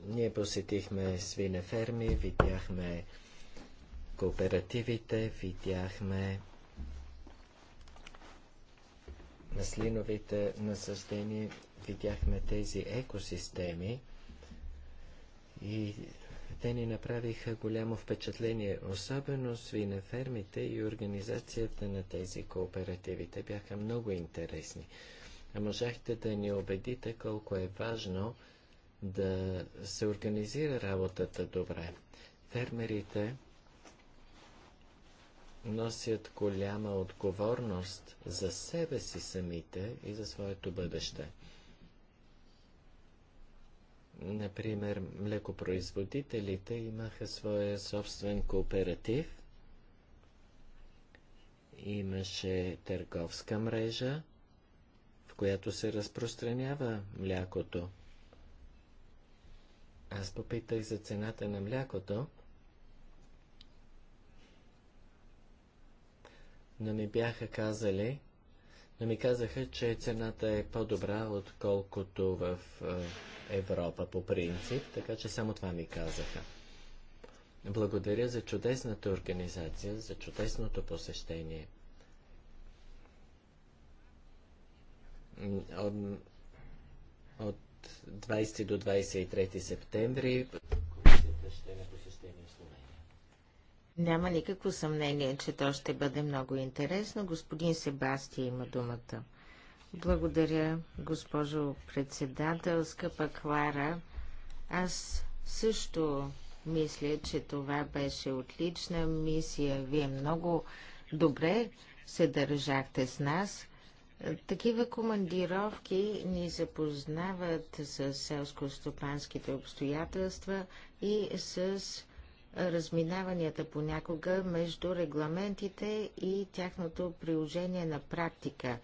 ние посетихме свинеферми, видяхме кооперативите, видяхме маслиновите насъждения, видяхме тези екосистеми и те ни направиха голямо впечатление, особено свинефермите и организацията на тези кооперативи. Те бяха много интересни. А можахте да ни убедите колко е важно да се организира работата добре. Фермерите носят голяма отговорност за себе си самите и за своето бъдеще. Например, млекопроизводителите имаха своя собствен кооператив, имаше търговска мрежа, в която се разпространява млякото. Аз попитах за цената на млякото но ми бяха казали, но ми казаха, че цената е по-добра, отколкото в е, Европа по принцип, така че само това ми казаха. Благодаря за чудесната организация, за чудесното посещение. От, от 20 до 23 септември комисията ще
няма никакво съмнение, че то ще бъде много интересно. Господин Себастия има думата. Благодаря, госпожо председател, скъпа Клара. Аз също мисля, че това беше отлична мисия. Вие много добре се държахте с нас. Такива командировки ни запознават с селско-стопанските обстоятелства и с разминаванията понякога между регламентите и тяхното приложение на практика. Е,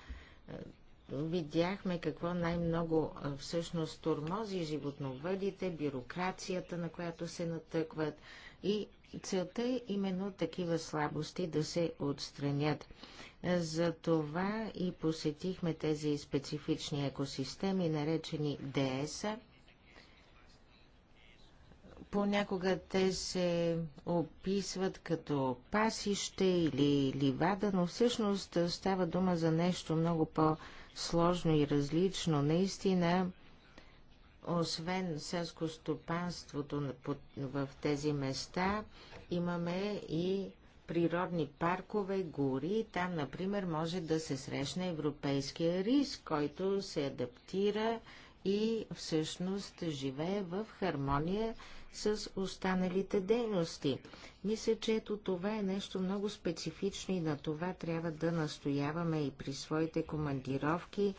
видяхме какво най-много е, всъщност тормози животновъдите, бюрокрацията, на която се натъкват и целта е именно такива слабости да се отстранят. Е, Затова и посетихме тези специфични екосистеми, наречени ДЕСА. Понякога те се описват като пасище или ливада, но всъщност става дума за нещо много по-сложно и различно. Наистина, освен селско-стопанството в тези места, имаме и природни паркове, гори. Там, например, може да се срещне европейския рис, който се адаптира и всъщност живее в хармония с останалите дейности. Мисля, че ето това е нещо много специфично и на това трябва да настояваме и при своите командировки,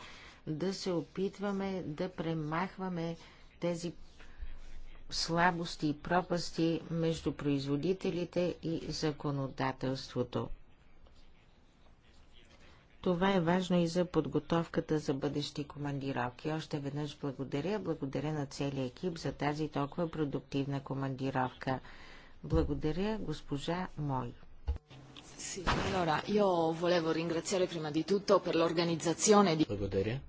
да се опитваме да премахваме тези слабости и пропасти между производителите и законодателството. Това е важно и за подготовката за бъдещи командировки. Още веднъж благодаря. Благодаря на целия екип за тази толкова продуктивна командировка. Благодаря, госпожа Мой. Allora, io volevo ringraziare prima di tutto per l'organizzazione di... Благодаря.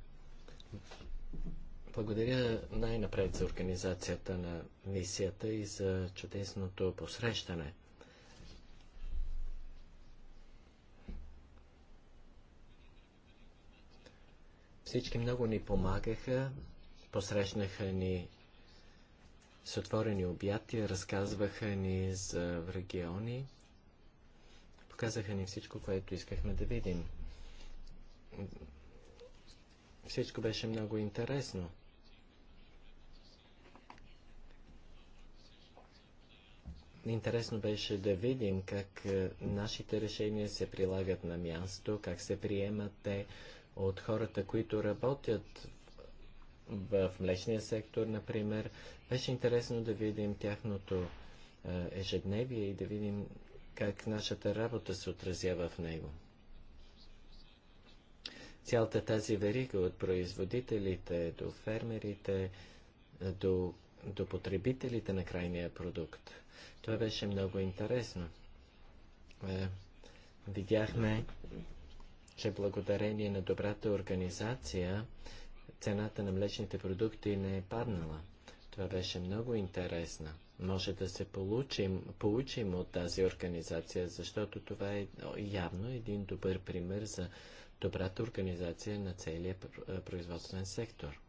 Благодаря най-напред за организацията на мисията и за чудесното посрещане. Всички много ни помагаха, посрещнаха ни с отворени обятия, разказваха ни за региони, показаха ни всичко, което искахме да видим. Всичко беше много интересно. Интересно беше да видим как е, нашите решения се прилагат на място, как се приемат те, от хората, които работят в млечния сектор, например. Беше интересно да видим тяхното ежедневие и да видим как нашата работа се отразява в него. Цялата тази верига от производителите до фермерите, до, до потребителите на крайния продукт. Това беше много интересно. Видяхме че благодарение на добрата организация цената на млечните продукти не е паднала. Това беше много интересно. Може да се получим, получим от тази организация, защото това е явно един добър пример за добрата организация на целия производствен сектор.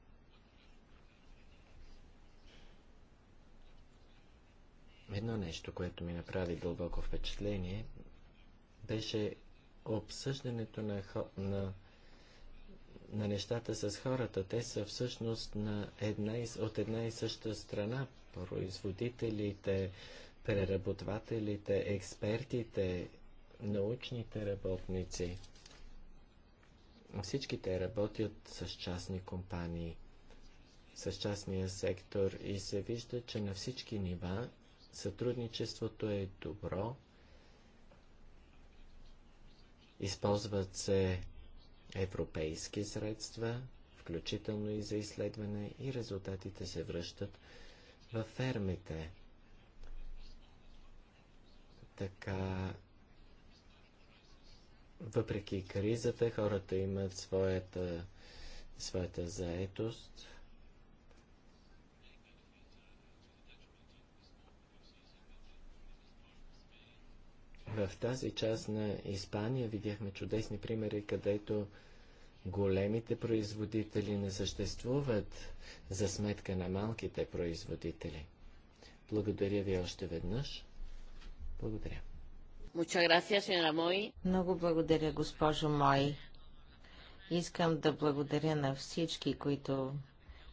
Едно нещо, което ми направи дълбоко впечатление, беше обсъждането на, на, на нещата с хората. Те са всъщност на една и, от една и съща страна. Производителите, преработвателите, експертите, научните работници. Всички те работят с частни компании, с частния сектор и се вижда, че на всички нива сътрудничеството е добро Използват се европейски средства, включително и за изследване, и резултатите се връщат във фермите. Така, въпреки кризата, хората имат своята, своята заетост – В тази част на Испания видяхме чудесни примери, където големите производители не съществуват за сметка на малките производители. Благодаря ви още веднъж. Благодаря.
Много благодаря, госпожо Мой. Искам да благодаря на всички, които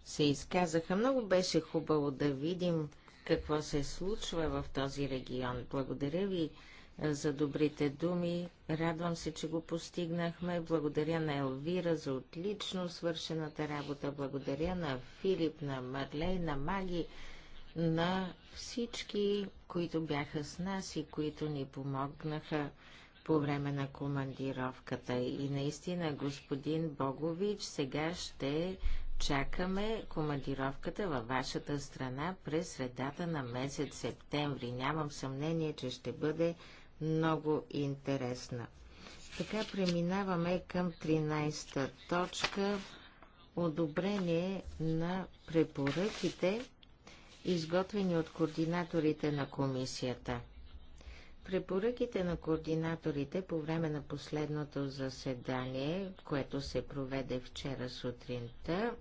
се изказаха. Много беше хубаво да видим какво се случва в този регион. Благодаря ви за добрите думи. Радвам се, че го постигнахме. Благодаря на Елвира за отлично свършената работа. Благодаря на Филип, на Марлей, на Маги, на всички, които бяха с нас и които ни помогнаха по време на командировката. И наистина, господин Богович, сега ще чакаме командировката във вашата страна през средата на месец септември. Нямам съмнение, че ще бъде много интересна. Така преминаваме към 13-та точка одобрение на препоръките, изготвени от координаторите на комисията. Препоръките на координаторите по време на последното заседание, което се проведе вчера сутринта,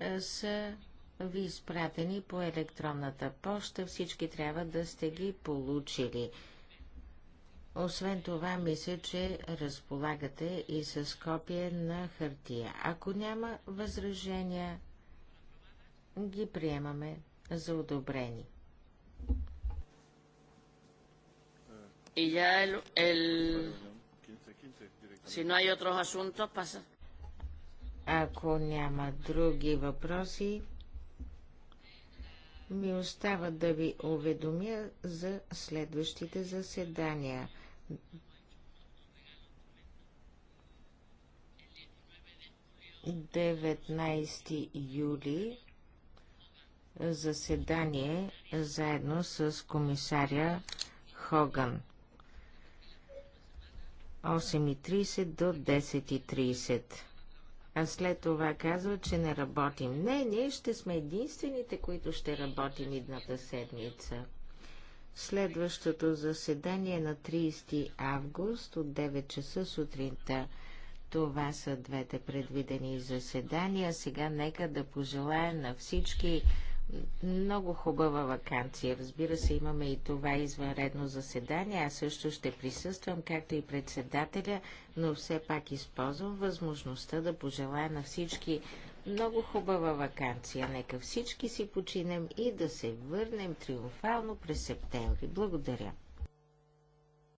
е, са ви изпратени по електронната поща. Всички трябва да сте ги получили. Освен това, мисля, че разполагате и с копие на хартия. Ако няма възражения, ги приемаме за одобрени. Ако няма други въпроси, ми остава да ви уведомя за следващите заседания – 19 юли заседание заедно с комисаря Хоган. 8.30 до 10.30. А след това казва, че не работим. Не, ние ще сме единствените, които ще работим идната седмица. Следващото заседание е на 30 август от 9 часа сутринта. Това са двете предвидени заседания. Сега нека да пожелая на всички много хубава вакансия. Разбира се, имаме и това извънредно заседание. Аз също ще присъствам, както и председателя, но все пак използвам възможността да пожелая на всички много хубава вакансия. Нека всички си починем и да се върнем триумфално през септември. Благодаря.